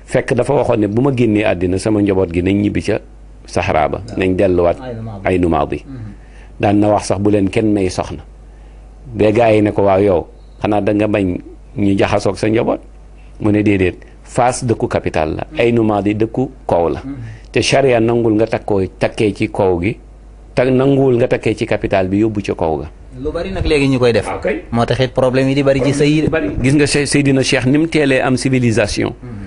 fekk dafa waxoon ne bu ma génnee àddina sama njaboot gi nañ ñibbi ca saxaraaba nañ delluwaat ay numaat bi daan na wax sax bu leen kenn may soxna. bee gaa yi ne ko waaw yow xanaa danga bañ ñu jaxasoog sa njaboot mu ne déedéet Fass dëkku capital la mhm. ay numaat di dëkku kaw la. Mhm. te charia nanguwul nga takkoo takkee ci kaw gi te nanguwul nga takkee ci capital bi yóbbu ca kaw ga. lu bari nag léegi ñu koy def. Ah, moo taxit problème yi di bari ci sëy gis nga se Seydina Cheikh ni mu teelee am civilisation. Mhm.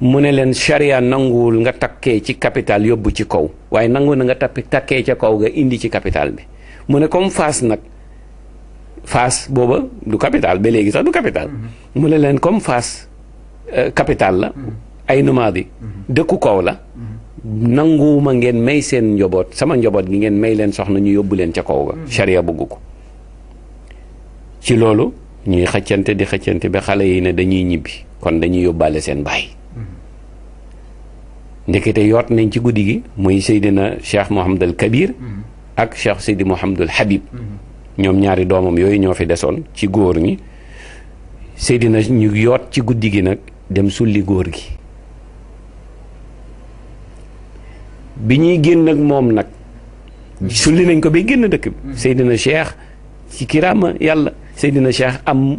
mu ne leen charia nanguwul nga takkee ci capital yóbbu ci kaw waaye nangu na nga tappi takkee ca kaw ga indi ci capital bi mu ne comme Fass nag Fass booba du capital ba léegi sax capital. Mhm. mu ne leen comme Fass euh, capital la. Mhm. ay nomades yi. dëkku kaw la. nanguwuma ngeen may seen njoboot sama njoboot gi ngeen may leen soxna ñu yóbbu leen ca kaw ga. charia bëgg ko. ci loolu ñuy xëccante di xëccante bi xale yi ne dañuy ñibbi kon dañuy yóbbaale seen baay ndekete yoot nañ ci guddi gi muy Seydina Cheikh Mouhamadul Kabir ak Cheikh Seydi Mouhamadul Habib ñoom ñaari doomam yooyu ñoo fi desoon ci góor ñi Seydina ñu yoot ci guddi gi nag dem sulli góor gi bi ñuy génn ak moom nag sulli nañ ko bay génn dëkk bi Seydina Cheikh ci kiraama yàlla Seydina Cheikh am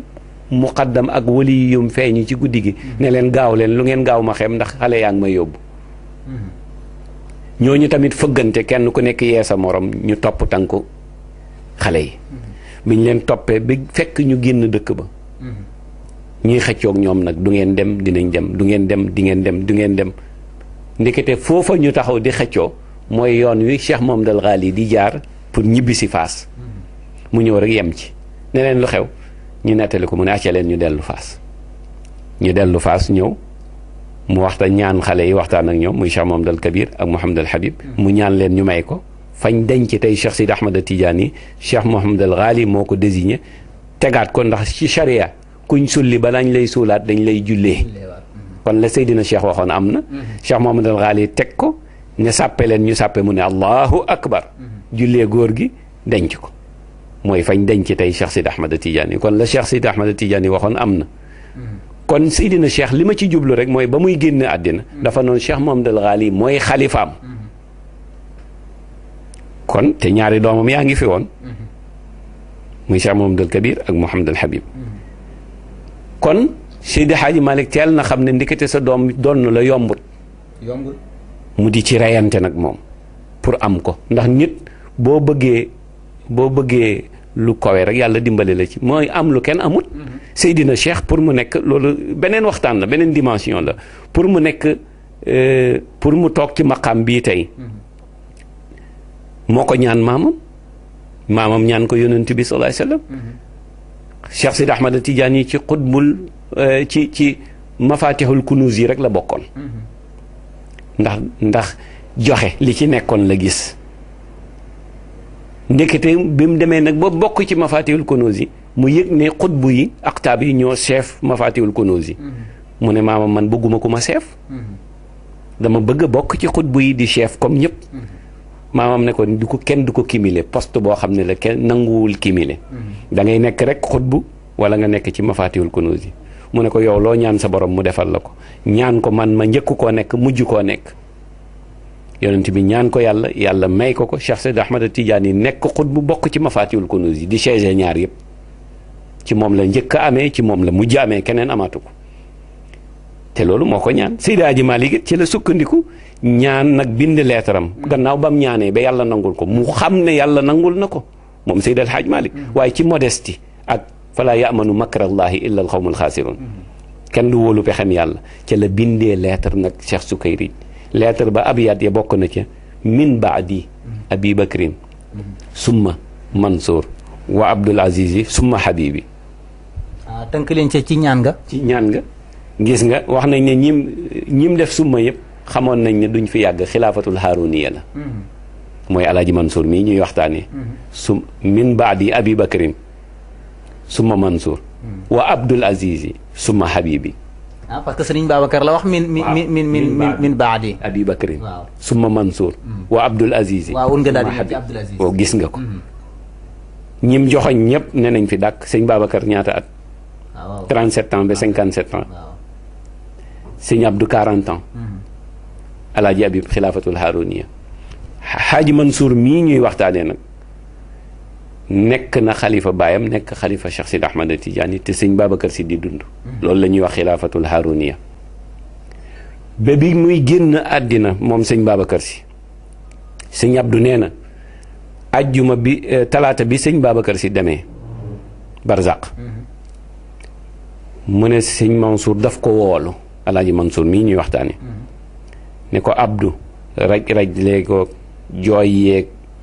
muqaddam ak wali yum feeñu ci guddi gi ne leen gaaw leen lu ngeen gaaw ma xem ndax xale yaa ngi may yóbbu mm-hmm. ñooñu tamit fëggante kenn ku nekk yee sa moroom ñu topp tànku xale yi mm-hmm. biñ leen toppee bi fekk ñu génn dëkk ba mm-hmm. ñuy xëccook ñoom nag du ngeen dem dinañ dem du ngeen dem di ngeen dem du ngeen dem ndekete foofa ñu taxaw di xëccoo mooy yoon wi Cheikh Mohammed al yi di jaar pour ñibbisi si Faas mu ñëw rek yem ci ne lu xew ñu nettali ko mu ne acca leen ñu dellu faas ñu dellu faas ñëw mu waxta ñaan xale yi waxtaan ak ñoom muy Cheikh Mohamed al Kabir ak Mohamed al Habib mu ñaan leen ñu may ko fañ denc tey Cheikh Sidi Ahmad al Tidiane Cheikh Mohamed al Ghali moo ko désigné tegaat ko ndax ci charia kuñ sulli balaa ñu lay suulaat dañ lay jullee kon la Seydina Cheikh waxoon am na Cheikh Mohamed al Ghali teg ko ne sàppe leen ñu sàppe mu ne allahu akbar uhuh. jullee góor gi denc mooy fañ denc tey Cheikh Sidi Ahmad Tidiane kon la Cheikh Sidi Ahmad Tidiane waxoon am na. kon Seydina Cheikh li ma ci jublu rek mooy ba muy génne àddina. dafa noonu Cheikh Mouhamadoul Ghali mooy xalifaam. kon te ñaari doomam yaa ngi fi woon. muy Cheikh Mouhamadoul Kabir ak Mouhamadoul Habib. kon Seydi Hadji Malick teel na xam ne ndikete sa doom doon la yombut. yombut mu di ci reyante nag moom pour am ko ndax nit boo bëggee boo bëggee. lu kawe rek yàlla dimbali la ci mooy am lu kenn amut. Mhm. Seydina Cheikh pour mu nekk loolu beneen waxtaan la beneen dimension la pour mu nekk euh, pour mu toog ci maqaam bii tey. Mhm. moo ko ñaan maamam maamam ñaan ko yonent bi sallallahu alayhi wasallam. Mhm. Cheikh Sidi Ahmad Tidiane yi ci xutbul euh, ci ci mafatihul kunuz yi rek la bokkoon. ndax ndax joxe li ci nekkoon la gis. ndekete bi mu demee nag ba bokk ci mafatihul konoos yi mu yëg ne xutbu yi aktaab yi ñoo chef mafatihul konosi mu ne maama man bëgguma ku ma chef dama bëgg a bokk ci xutbu yi di chef comme ñëpp maamam ne ko du ko kenn du ko cumuler poste boo xam ne la kenn nanguwul cumuler da ngay nekk rek xutbu wala nga nekk ci mafatihul konoos mu ne ko yow loo ñaan sa borom mu defal la ko ñaan ko man ma njëkk koo nekk mujj koo nekk yonent bi ñaan ko yàlla yàlla may ko ko Cheikh Seydi Ahmad Tidiane nekk xut bu bokk ci Mafatihul Kunuz yi di chaise ñaar yëpp ci moom la njëkk a amee ci moom la mujj amee keneen amaatu ko te loolu moo ko ñaan Seydi Aji Malik ci la sukkandiku ñaan nag bind leetaram gannaaw bam mu ñaanee ba yàlla nangul ko mu xam ne yàlla nangul na ko moom Seydi El Hadj Malik mm-hmm. waaye ci modestie ak fa falaa yamanu makrallahi illa al xawmul xaasiroon mm-hmm. kenn du wóolu pexem yàlla ca la bindee lettre nag Cheikh Sukayrij lettre ba abiyat ya bokk na ca min baadi abi bakrin suma mansour wa abdul aziz yi summa habibi ah tënk leen ca ci ñaan nga ci ñaan gis nga wax nañ ne ñim ñim def suma yëpp xamoon nañ ne duñ fi yàgg xilaafatul haaruniya la mm-hmm. mooy alaaji mansour mii ñuy waxtaanee mm-hmm. sum min baadi abi bakrin summa mansour mm-hmm. wa abdul aziz yi habibi ah parce que Serigne Babacar la wax. min min min min min baadi. Abi Bakrin mm. wa Abdul Aziz. waaw oh, gis nga ko. Mm-hmm. ñim joxoñ ñëpp ne nañ fi dàkk sëñ Babacar ñaata at. Ah, waaw 37 ans ba 57 ans. Ah, mm-hmm. alaaji Abib xilaafatul Haaruniya. xaaji Mansour mii ñuy waxtaanee nag. nekk na xalifa baayam nekk xalifa Cheikh Sidi Ahmad Tidiane te sëñ Babacar si di dund. loolu la ñuy wax xilaafatul haruniya ba bi muy génn àddina moom sëñ Babacar si sëñ Abdou nee na ajjuma bi eh, talaata bi sëñ Babacar si demee Barzak. mu ne sëñ Mansour daf ko woolu alaaji Mansour mi ñuy waxtaane ne ko Abdou raj raj lee ko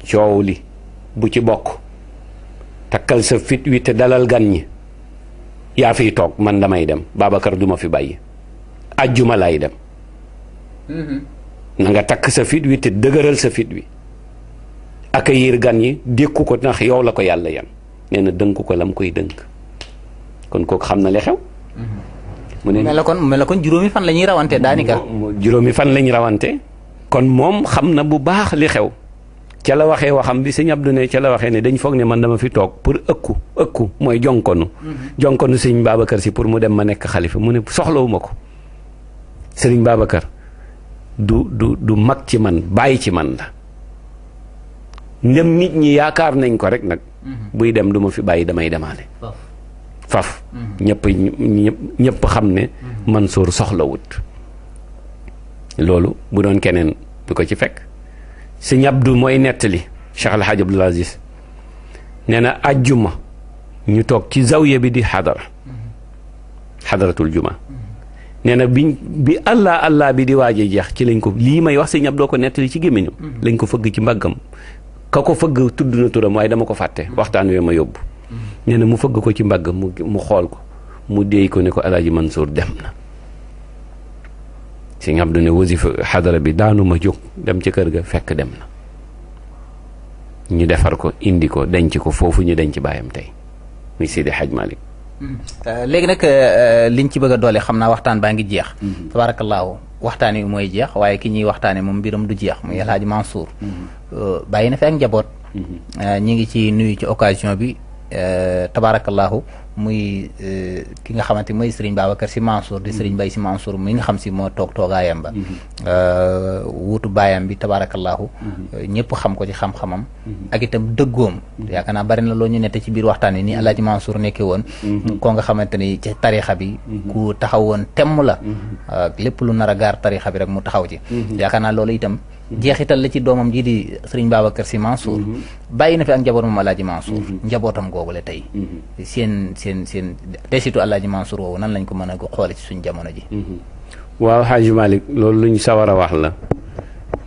coow li bu ci bokk. takkal sa fit wi te dalal gan ñi yaa fi toog man damay dem Babacar du ma fi bàyyi ajjuma laay dem mm-hmm. nanga takk sa fit wi te dëgëral sa fit wi accueillir gan yi dékku ko ndax yow la ko yàlla yan nee dënku dënk ko lam koy dënk kon kooku xam na li xew mm-hmm. mu ne mel na kon mel na kon juróomi fan lañuy ñuy rawante daanaka juróomi fan la rawante kon moom xam na bu baax li xew ca la waxee waxam bi sëñ Abdou ne ca la ne dañ foog ne man dama fi toog pour ëkku ëkku mooy jonkonu mhm. jonkonu sëñ Babacar si pour mu dem ma nekk xalifa mu ne soxlawuma ko sëriñ Babacar du du du mag ci man bàyyi ci man la ndem nit ñi yaakaar nañ ko rek nag mhm. buy dem du ma fi bàyyi damay demaale faf mhm. ñëpp ñëpp xam ne Mansour soxlawut loolu bu doon keneen du ko ci fekk sëñ Abdou mooy nettali Cheikh El Hadj Abdoul nee na ajjuma ñu toog ci zawiya bi di xadara xadaratul juma nee na bi bi allah allah bi di waaje jeex ci lañ ko lii may wax si sëñ doo ko nettali ci gémmiñu lañ ko fëgg ci mbaggam ka ko fëgg tudd na turam waaye dama ko fàtte waxtaan wi ma yóbbu nee na mu fëgg ko ci mbaggam mu mu xool ko mu déey ko ne ko alaaji Mansour dem na sëñ Abdu ne wasifa xadara bi daanuma jóg dem ci kër ga fekk dem na ñu defar ko indi ko denc ko foofu ñu denc baayam tey muy Seydi xaj Malik euh, léegi nag euh, liñ ci bëgg doole xam naa waxtaan baa ngi jeex mm-hmm. tabaarakallaahu waxtaan wi mooy jeex waaye ki ñuy waxtaane moom mbiram du jeex muy El Hadj Mansour mm-hmm. euh, bàyyi na fi ak njaboot mm-hmm. ñi ngi ci nuyu ci occasion bi Euh, tabaarakallaahu muy euh, ki nga xamante mooy Serigne Babacar Sy Mansour di Serigne Mbaye Sy Mansour mi nga xam si moo toog toogaayam ba mm-hmm. euh, wuutu baayam bi tabaarakallaahu mm-hmm. ñëpp xam ko ci xam-xamam mm-hmm. ak itam dëggoom yaakaar naa bari na loo ñu nette ci biir waxtaan yi nii Alaaji Mansour nekkee woon koo nga xamante ni ci tarixa bi ku taxaw woon temm la lépp lu nar a gaar tarixa bi rek mu taxaw ci yaakaar naa loolu itam jeexital la ci doomam ji di sëriñ Babacar Sy Mansour mhm. bàyyi na fi ak njabootam Alaaji Mansour mhm. njabootam googu la tey mhm. seen seen seen desitu Alaaji Mansour woowu nan lañ ko mën a xoole ci suñ jamono ji waaw Xaaji Malick loolu luñ sawar a wax la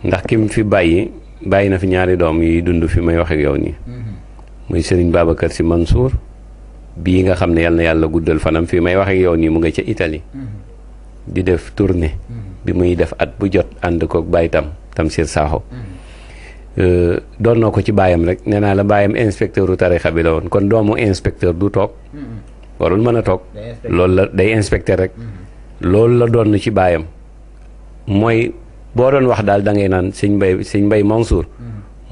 ndax kim fi bàyyi bàyyi na fi ñaari doom yiy dund fi may wax ak yow nii muy sëriñ Babacar Sy Mansour bii nga xam ne yàlla yàlla guddal fanam fii may wax ak yow nii mu nga ca Italie di def tournée mm-hmm. bi muy def at bu jot ànd koog baytam Tamsir Sakho mm-hmm. euh, doon na ko ci baayam rek nee naa la baayam inspecteur u tarixa bi la woon kon doomu inspecteur du toog mm-hmm. warul mën a toog loolu la day inspecteur rek loolu la doon ci baayam mooy boo doon wax daal da ngay naan sëñ mbay sëñ mbay Mansour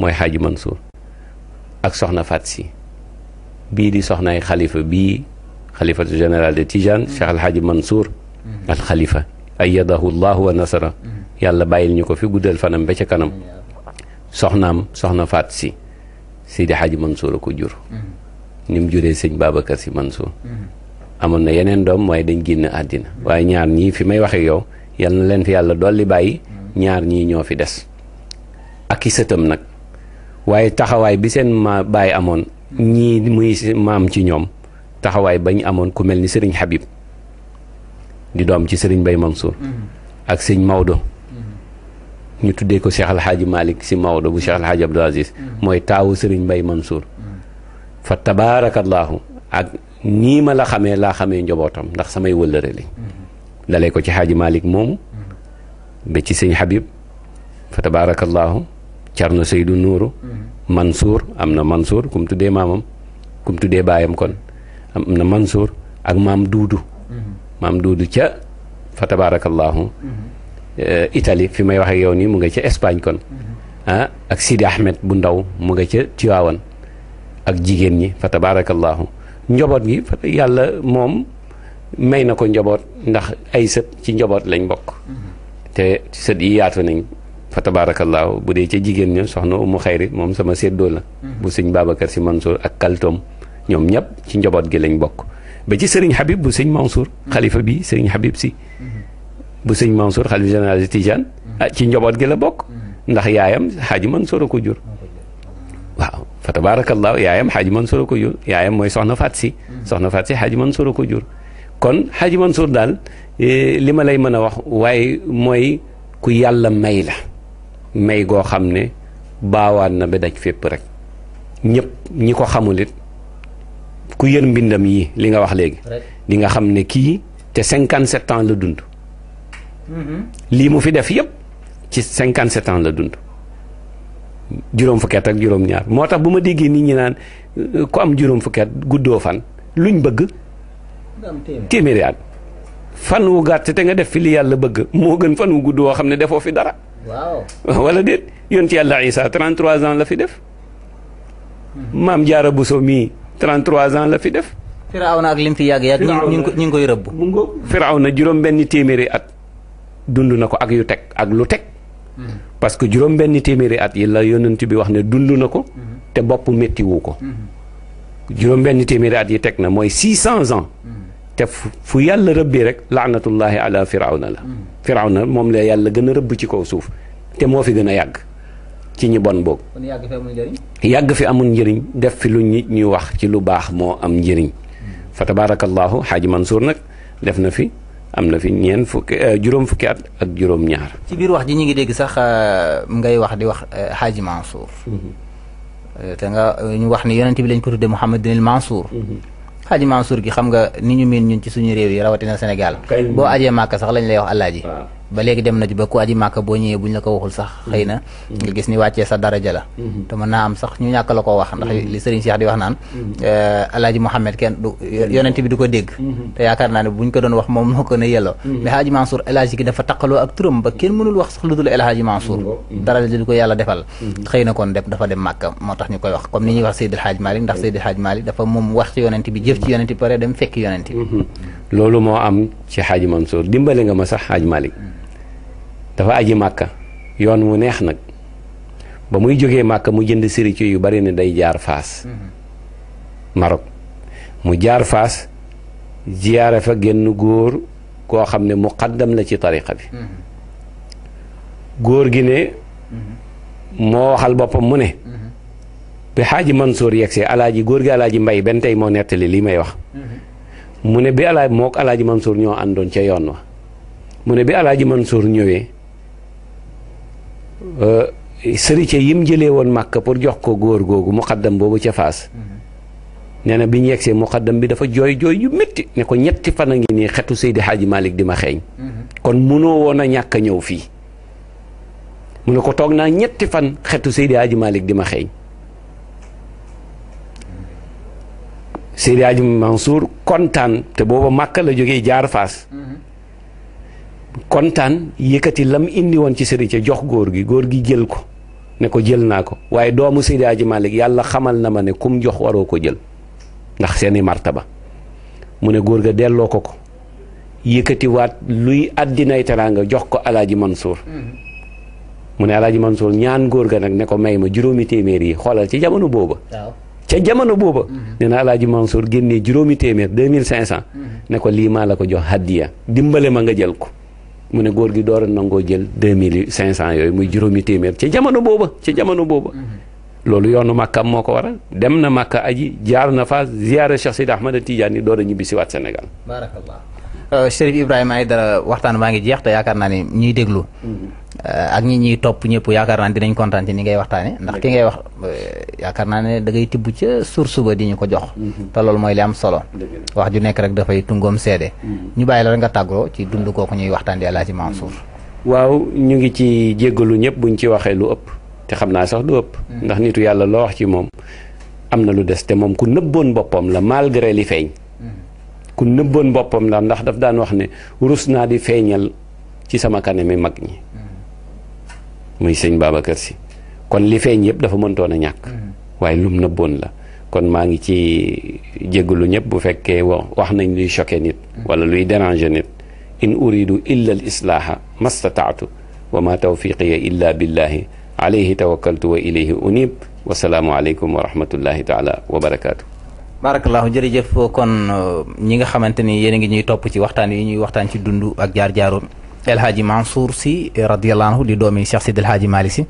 mooy xaaji Mansour ak soxna Fat si bii di soxnaay xalifa bii xalifatu général de Tijane Cheikh Alhaaji Mansour Mhm. alxalifa ayyadahu llahu wa nasara mhm. yàlla bàyyil ñu ko fi guddal fanam ba ca kanam mhm. soxnaam soxna faat si Seydi Hadji Mansour a ko jur ni mu juree sëñ Babacar si Mansour amoon na yeneen doom waaye dañ génn àddina waaye ñaar ñii fi may waxee yow yal na leen fi yàlla dolli bàyyi ñaar ñii ñoo fi des ak i sëtam nag waaye taxawaay bi seen ma bàyyi amoon ñii muy maam ci ñoom taxawaay bañ amoon ku mel ni sëriñ Habib di doom ci sëriñ Bay Mansour mm-hmm. ak sëñ Maodo mm-hmm. ñu tuddee ko Cheikh Alhaaji malik si Maodo bu Cheikh Alhaaji Abdou Aziz mm-hmm. mooy taawu sëriñ Bay Mansour fa tabaarakallaahu ak ñii ma la xamee laa xamee njobootam ndax samay wëllëre li dalee ko ci Xaaji malik moomu ba ci sëñ Habib fa tabaarakallaahu Carno sëydu Nuuru Mansour am na Mansour ku mu tuddee maamam ku mu baayam kon am na Mansour ak maam Duudu maam duudu ca fa tabaarakallaahu eh, itali fi may wax ak yow nii mu nga ca Espagne kon ah ak Sidi Ahmed bu ndaw mu nga ca Tiwaawan ak jigéen ñi fa tabaarakallaahu njaboot gi fa yàlla moom may na ko njaboot ndax ay sët ci njaboot lañ bokk te sët yi yaatu nañ fa tabaarakallaahu bu dee ca jigéen ña soxna umu xayri moom sama séddoo la bu sëñ Babacar Si Mansour ak kaltoom ñoom ñëpp ci njaboot gi lañ bokk ba ci sëriñ Habib bu sëñ Mansour. xalifa bi sëriñ Habib si. bu sëñ Mansour xalifa général de Tijane. ah ci njaboot gi la bokk. ndax yaayam xaaji Mansour a ko jur. waaw fa tabaarakallaahu yaayam xaaji Mansour a ko jur yaayam mooy soxna Faat si. soxna Faat si xaaji Mansour a ko jur. kon xaaji Mansour daal eh, li ma lay mën a wax waaye mooy ku yàlla may la. may goo xam ne baawaan na ba daj fépp rek ñëpp ñi ko xamul it ku yër mbindam yi li nga wax léegi di nga xam ne kii te cinquante sept ans la dund mm-hmm. lii mu fi def yëpp ci cinquante sept ans la dund juróom fukki at ak juróom ñaar moo tax bu ma déggee nit ñi naan euh, ku am juróom fukki at guddoo fan luñ bëgg téeméeri at fan wu gàtt te nga def fi li yàlla bëgg moo gën fan wu gudd woo xam ne defoo fi dara waaw wala déet yoon ci yàlla Isa 33 ans la fi def mm-hmm. maam jaara Buso mii 33 ans la fi def. Firawna ak lim fi yàgg yàgg. ñu ngi koy rëbb. mu ngoog Firawna juróom-benni téeméeri at dund na ko ak yu teg ak lu teg. Mm-hmm. parce que juróom-benni téeméeri at yi la yonent bi wax ne dund na ko. Mm-hmm. te bopp méttiwu ko. Mm-hmm. juróom-benni téeméeri at yi teg na mooy 600 ans. te fu yàlla rëbbee rek laanatullahi ala na la. na moom la yàlla gën a rëbb ci kaw suuf te moo fi gën a yàgg. ci ñi bon boog yàgg fi amul njëriñ def fi lu nit ñuy wax ci lu baax moo am njëriñ hmm. fa tabaarakallaahu xaaji Mansour nag def na fi am na fi ñeen fukki euh, juróom fukki at ak juróom ñaar ci biir wax ji ñu ngi dégg sax euh, ngay wax di wax xaaji euh, Mansour hmm. te nga ñu wax ni yonent bi lañ ko tudde Mouhamed Dinil Mansour xaaji hmm. Mansour gi xam nga ni ñu miin ñun ci suñu réew yi rawatina Sénégal boo ajee Màkka sax lañ lay wax alaaji ba léegi dem na ci ba ku aji màkka boo ñëwee buñ la ko waxul sax xëy na mm-hmm. nga gis ni wàccee sa daraja la mm-hmm. te mën naa am sax ñu ñàkk la koo wax ndax mm-hmm. li Serigne Cheikh di wax naan eh, alaaji Mouhamed kenn du yonent bi du ko dégg te yaakaar naa bu ñu ko doon wax moom moo ko ne yelloo mais Hadji Mansour alaaji gi dafa kenn mënul wax sax lu dul El Hadji Mansour daraja du ko yàlla defal xëy na kon dem dafa dem màkka moo tax ñu koy wax comme ni ñuy wax Seydil Hadj Malick ndax Seydil Hadj Malick dafa moom wax ci yonent bi jëf ci yonent bi dem fekk yonent loolu moo am ci Hadji Mansour dimbale nga ma sax Hadj dafa aji màkka yoon wu neex nag ba muy jógee màkka mu jënd séritie yu bari ne day jaar faas mm-hmm. Maroc mu jaar faas jiyaare fa génn góor koo xam ne muqaddam la ci tariqa bi mm-hmm. góor gi ne mm-hmm. moo waxal boppam mu ne bi xaaji Mansour yegsee alaaji góor gi alaaji mbay benn tey moo nettali lii may wax mu ne bi alaaji mook alaaji Mansour ñoo àndoon ca yoon wa mu ne bi alaaji Mansour ñëwee sërite yim jëlee woon màkk pour jox ko góor googu muqaddam boobu ca faas mm-hmm. nee na bi ñu yegsee muqaddam bi dafa jooy jooy yu métti ne ko ñetti fan a ngi nii xetu Seydi Hadji Malick di ma xeeñ mm-hmm. kon munoo woon a ñàkk a ñëw fii mu ne ko toog naa ñetti fan xetu Seydi Hadji Malick di ma xeeñ mm-hmm. Seydi Hadji Mansour kontaan te booba màkk la jógee jaar faas kontaan yëkkati lam indi woon ci sëriñ ca jox góor gi góor gi jël ko ne ko jël naa ko waaye doomu Seydi Hadji Malick yàlla xamal na ma ne kum jox waroo ko jël ndax seeni martaba mu ne góor ga delloo ko ko yëkkati waat luy àddinay teraanga jox ko alaaji Mansour mm-hmm. mu ne alaaji Mansour ñaan góor ga nag ne ko may ma juróomi téeméer yi xoolal ci jamono booba ca jamono booba mm-hmm. nee na alaaji Mansour génnee juróomi téeméer deux mille cinq cent mm-hmm. ne ko lii maa la ko jox hadiya dimbale ma nga jël ko mu ne góor gi door a nangoo jël deux mille cinq cent yooyu muy juróomi téeméer ci jamono booba ci jamono booba. Mm-hmm. loolu yoonu makka moo ko waral dem na màkka aji jaar na fa ziyaara Cheikh Sidi Ahmad Tidiane yi door a ñibbi si waat Sénégal. barakallah euh, Chérif Ibrahima waxtaan baa ngi jeex te yaakaar naa ne ñuy déglu. Mm-hmm. Uh, ak ñi ñuy topp ñëpp yaakaar naa ne dinañ kontaan ci ni ngay waxtaane ndax ki ngay wax uh, yaakaar naa ne dangay ngay tibb ca source ba di ñu ko jox mm-hmm. te loolu mooy li am solo wax ju nekk rek dafay tungoom seede mm-hmm. ñu bàyyi la rek nga tàggoo ci dund kooku ñuy waxtaan di Alaaji Mansour mm-hmm. waaw ñu ngi ci jéggalu ñëpp buñ ci waxee lu ëpp te xam naa sax lu ëpp ndax nitu yàlla loo wax ci moom am na lu des te moom ku nëbboon boppam la malgré li feeñ ku nëbboon boppam la ndax daf daan wax ne rus di feeñal ci sama kanami mag ñi muy sëñ Babacar si kon li feeñ yëpp dafa mëntoon a ñàkk mm-hmm. waaye lum nëbboon la kon maa ngi ci jéggalu ñëpp bu fekkee wax nañ luy choqué nit mm-hmm. wala luy déranger nit in uridu illa al islaaha mastataatu wa ma tawfiqiya illa billahi alayhi tawakkaltu wa ilayhi unib wasalaamu aleykum wa rahmatullahi taala wa barakaatu barakallahu jërëjëf kon uh, ñi nga xamante ni yéen a ngi ñuy topp ci waxtaan yi ñuy waxtaan ci dund ak jaar-jaaru El Hadji Mansour si eh, radiyallahu anhu di doomi Cheikh Sidi El Hadji Malick si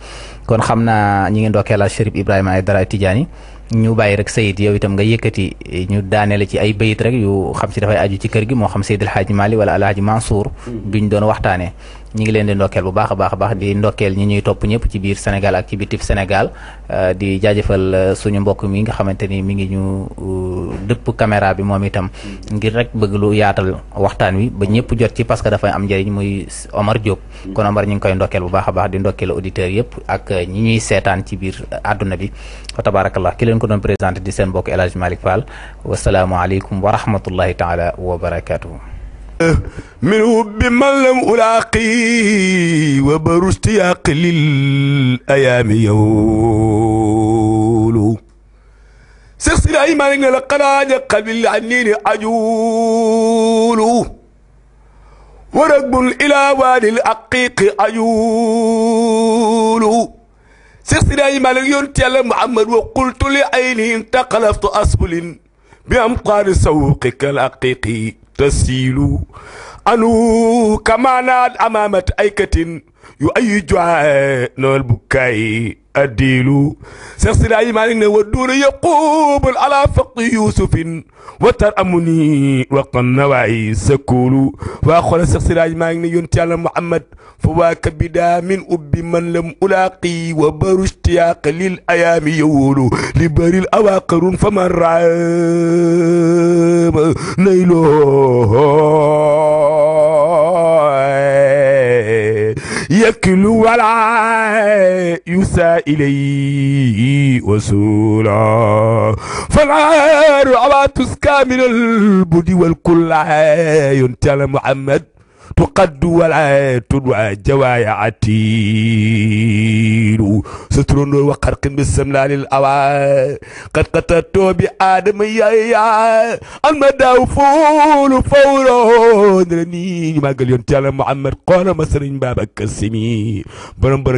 kon xam na ñi ngi ndokkeelal Chérif Ibrahima Aïdara Tidiane ñu bàyyi rek sayid yow itam nga yëkkati eh, ñu daaneele ci ay bayit rek yu xam si dafay aju ci kër gi moo xam Seydi El Hadji Malick wala El Hadji Mansour. Hmm. bi ñu doon waxtaanee. ñi ngi leen di ndokkeel bu baax a baax a baax di ndokkeel ñi ñuy topp ñëpp ci biir Sénégal ak ci bitif Sénégal euh, di jaajëfal euh, suñu mbokk mi nga xamante ni mi ngi ñu euh, dëpp caméra bi moom itam ngir rek bëgg lu yaatal waxtaan wi ba ñëpp jot ci parce que dafay am njëriñ muy Omar Diop kon Omar ñu ngi koy ndokkeel bu baax a baax di ndokkeel auditeurs yëpp ak ñi ñuy seetaan ci biir àdduna bi fa tabarakallah ki leen ko doon présenté di seen mbokk El Hadj Malick Fall wasalaamualeykum wa rahmatullahi taala wa barakatuhu من وب من لم ألاقي وبرست يقل الأيام يولو سيخ سلاي ما نقل قناج قبل عنين عجول ورقب إلى وادي الأقيق عيول سيخ سلاي ما نقل يلا محمد وقلت لعيني انتقلفت أسبل بأمطار سوقك الأقيقي تسيل أنو كمانات أمامة أيكة يؤيجها نول بكاي الديل شيخ سلاي مالك ne ودون يقوب على فق يوسف وترأمني وقنواي سكول واخر شيخ سلاي مالك ne yonent Yàlla Muhammad فواك بدا من أب من لم ألاقي وبر اشتياق للأيام يول لبر الأواقر فمن رعام نيله يكل ولا يسى إليه وسولا فالعار على تسكى من البدي والكل ينتل محمد tuqaddu wala tudwa jawaaya atiiru sa turandoo wa xarqin bi samlaalil awa qad qatatoo bi aadama yaya almadaaw fuulu fawro ne la nii ñu màggal yoon ci yàlla Muhammad xoola ma sëriñ Babacar Sy mi borom du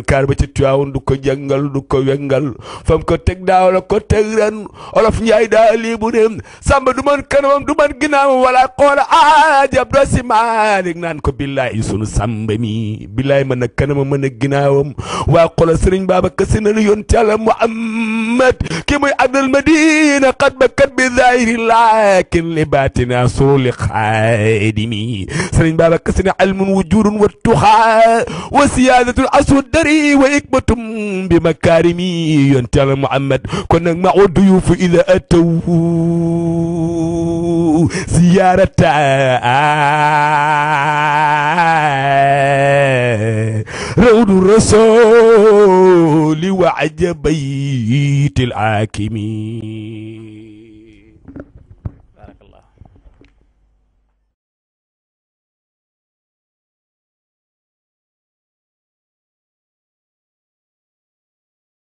ko jàngal du ko wengal fam ko teg daaw la ko teg ren olof Njaay daa lii bu du man kanamam du man ginnaawam wala xoola ajab doo si naan ko billaay sunu sàmba mi billaay mën a kanama mën a ginnaawam waa xola sëriñ Babacar Si na la yoon ci Yàlla Muhammad ki muy abdul madina xat bakat bi zahiri laakin li baatina suru li xaadimi sëriñ Babacar Si na almun wujudun wa tuxaa wa siyaadatul asu dari wa ikmatum bi makaarimi yoon ci Yàlla Muhammad kon nag ma o duyuufu ida ataw ziyaarata روض الرسول وعجب بيت الحاكمين